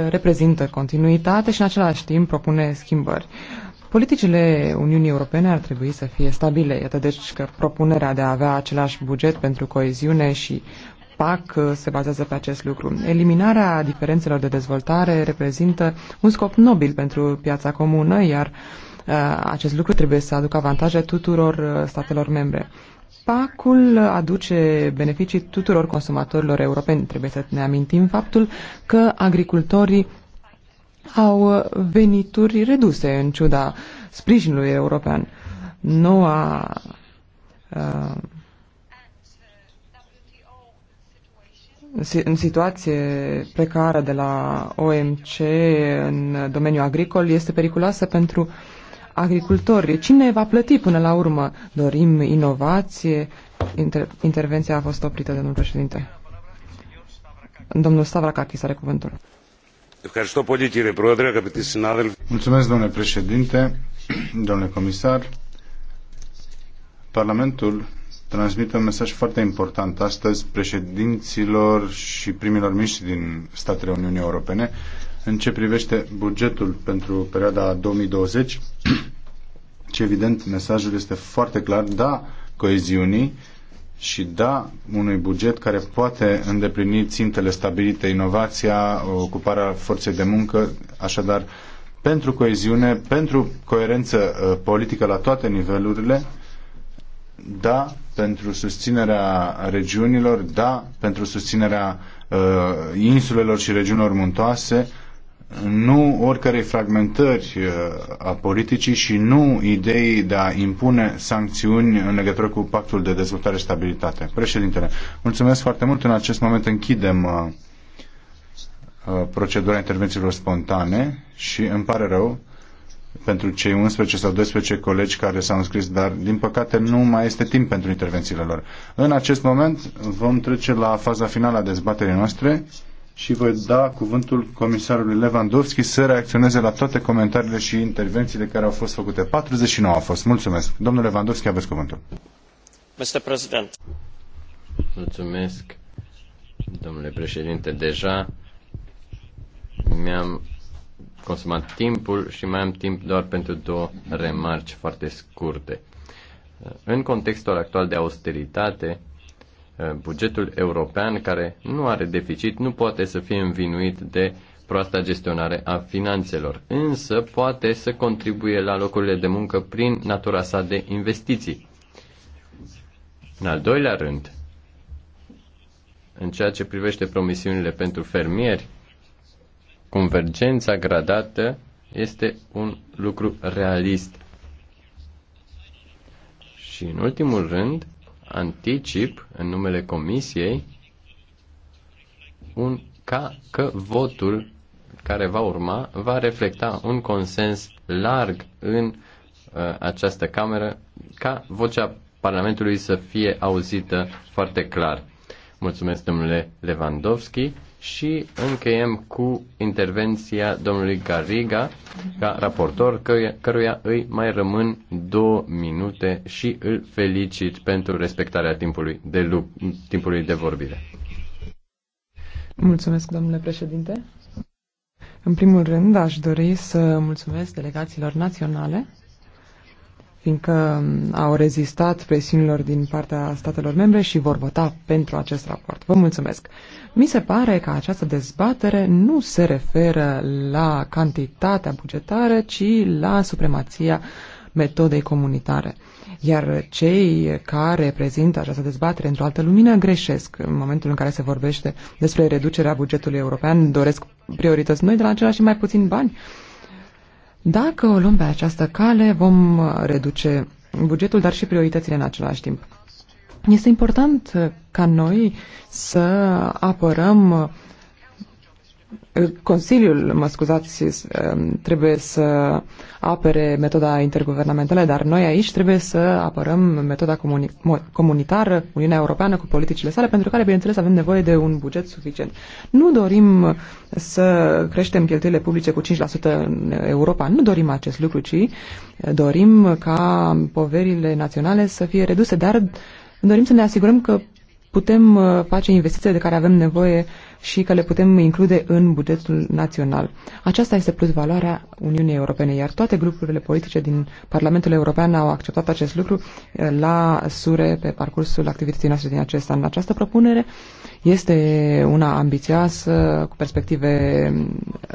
reprezintă continuitate și în același timp propune schimbări. Politicile Uniunii Europene ar trebui să fie stabile. Iată deci că propunerea de a avea același buget pentru coeziune și PAC uh, se bazează pe acest lucru. Eliminarea diferențelor de dezvoltare reprezintă un scop nobil pentru piața comună, iar uh, acest lucru trebuie să aducă avantaje tuturor statelor membre. PAC-ul aduce beneficii tuturor consumatorilor europeni. Trebuie să ne amintim faptul că agricultorii au venituri reduse în ciuda sprijinului european. Noua uh, în situație precară de la OMC în domeniul agricol este periculoasă pentru uh, agricultori. Cine va plăti până la urmă? Dorim inovație? Inter- intervenția a fost oprită, domnul președinte. Domnul Stavrakakis are cuvântul. Mulțumesc, domnule președinte, domnule comisar. Parlamentul transmite un mesaj foarte important astăzi președinților și primilor miști din statele Uniunii Europene în ce privește bugetul pentru perioada 2020, ce evident mesajul este foarte clar, da coeziunii și da unui buget care poate îndeplini țintele stabilite, inovația, ocuparea forței de muncă, așadar pentru coeziune, pentru coerență uh, politică la toate nivelurile, da pentru susținerea regiunilor, da pentru susținerea uh, insulelor și regiunilor muntoase, nu oricare fragmentări uh, a politicii și nu idei de a impune sancțiuni în legătură cu pactul de dezvoltare și stabilitate. Președintele, mulțumesc foarte mult. În acest moment închidem uh, uh, procedura intervențiilor spontane și îmi pare rău pentru cei 11 sau 12 colegi care s-au înscris, dar din păcate nu mai este timp pentru intervențiile lor. În acest moment vom trece la faza finală a dezbaterii noastre și voi da cuvântul comisarului Lewandowski să reacționeze la toate comentariile și intervențiile care au fost făcute. 49 au fost. Mulțumesc. Domnule Lewandowski, aveți cuvântul. Mr. President. Mulțumesc, domnule președinte. Deja mi-am consumat timpul și mai am timp doar pentru două remarci foarte scurte. În contextul actual de austeritate, Uh, bugetul european care nu are deficit nu poate să fie învinuit de proasta gestionare a finanțelor, însă poate să contribuie la locurile de muncă prin natura sa de investiții. În al doilea rând, în ceea ce privește promisiunile pentru fermieri, convergența gradată este un lucru realist. Și în ultimul rând, anticip, în numele Comisiei, un, ca că votul care va urma va reflecta un consens larg în uh, această cameră ca vocea Parlamentului să fie auzită foarte clar. Mulțumesc, domnule Lewandowski și încheiem cu intervenția domnului Gariga ca raportor, căruia, îi mai rămân două minute și îl felicit pentru respectarea timpului de, lup, timpului de vorbire. Mulțumesc, domnule președinte. În primul rând, aș dori să mulțumesc delegațiilor naționale fiindcă um, au rezistat presiunilor din partea statelor membre și vor vota pentru acest raport. Vă mulțumesc! Mi se pare că această dezbatere nu se referă la cantitatea bugetară, ci la supremația metodei comunitare. Iar cei care prezintă această dezbatere într-o altă lumină greșesc. În momentul în care se vorbește despre reducerea bugetului european, doresc priorități noi de la același și mai puțin bani dacă o luăm pe această cale, vom uh, reduce bugetul, dar și prioritățile în același timp. Este important uh, ca noi să apărăm uh, Consiliul, mă scuzați, um, trebuie să apere metoda interguvernamentală, dar noi aici trebuie să apărăm metoda comuni comunitară, Uniunea Europeană, cu politicile sale, pentru care, bineînțeles, avem nevoie de un buget suficient. Nu dorim să creștem cheltuielile publice cu 5% în Europa, nu dorim acest lucru, ci dorim ca poverile naționale să fie reduse, dar dorim să ne asigurăm că putem uh, face investiții de care avem nevoie și că le putem include în bugetul național. Aceasta este plus valoarea Uniunii Europene, iar toate grupurile politice din Parlamentul European au acceptat acest lucru uh, la sure pe parcursul activității noastre din acest an. Această propunere este una ambițioasă, cu perspective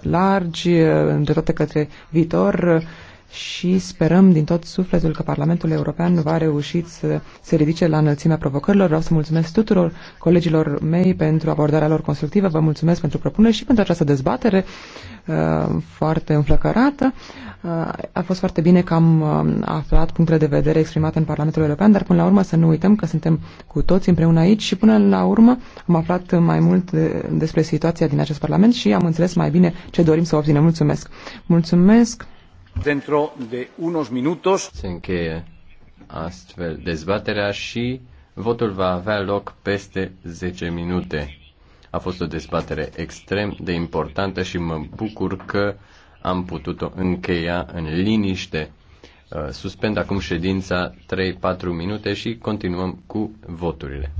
largi, uh, îndreptate către viitor, și sperăm din tot sufletul că Parlamentul European va reuși să se ridice la înălțimea provocărilor. Vreau să mulțumesc tuturor colegilor mei pentru abordarea lor constructivă, vă mulțumesc pentru propunere și pentru această dezbatere uh, foarte înflăcărată. Uh, a fost foarte bine că am uh, aflat punctele de vedere exprimate în Parlamentul European, dar până la urmă să nu uităm că suntem cu toți împreună aici și până la urmă am aflat mai mult despre situația din acest Parlament și am înțeles mai bine ce dorim să obținem. Mulțumesc! Mulțumesc! Dentro de unos minutos. Se încheie astfel dezbaterea și votul va avea loc peste 10 minute. A fost o dezbatere extrem de importantă și mă bucur că am putut-o încheia în liniște. Uh, suspend acum ședința 3-4 minute și continuăm cu voturile.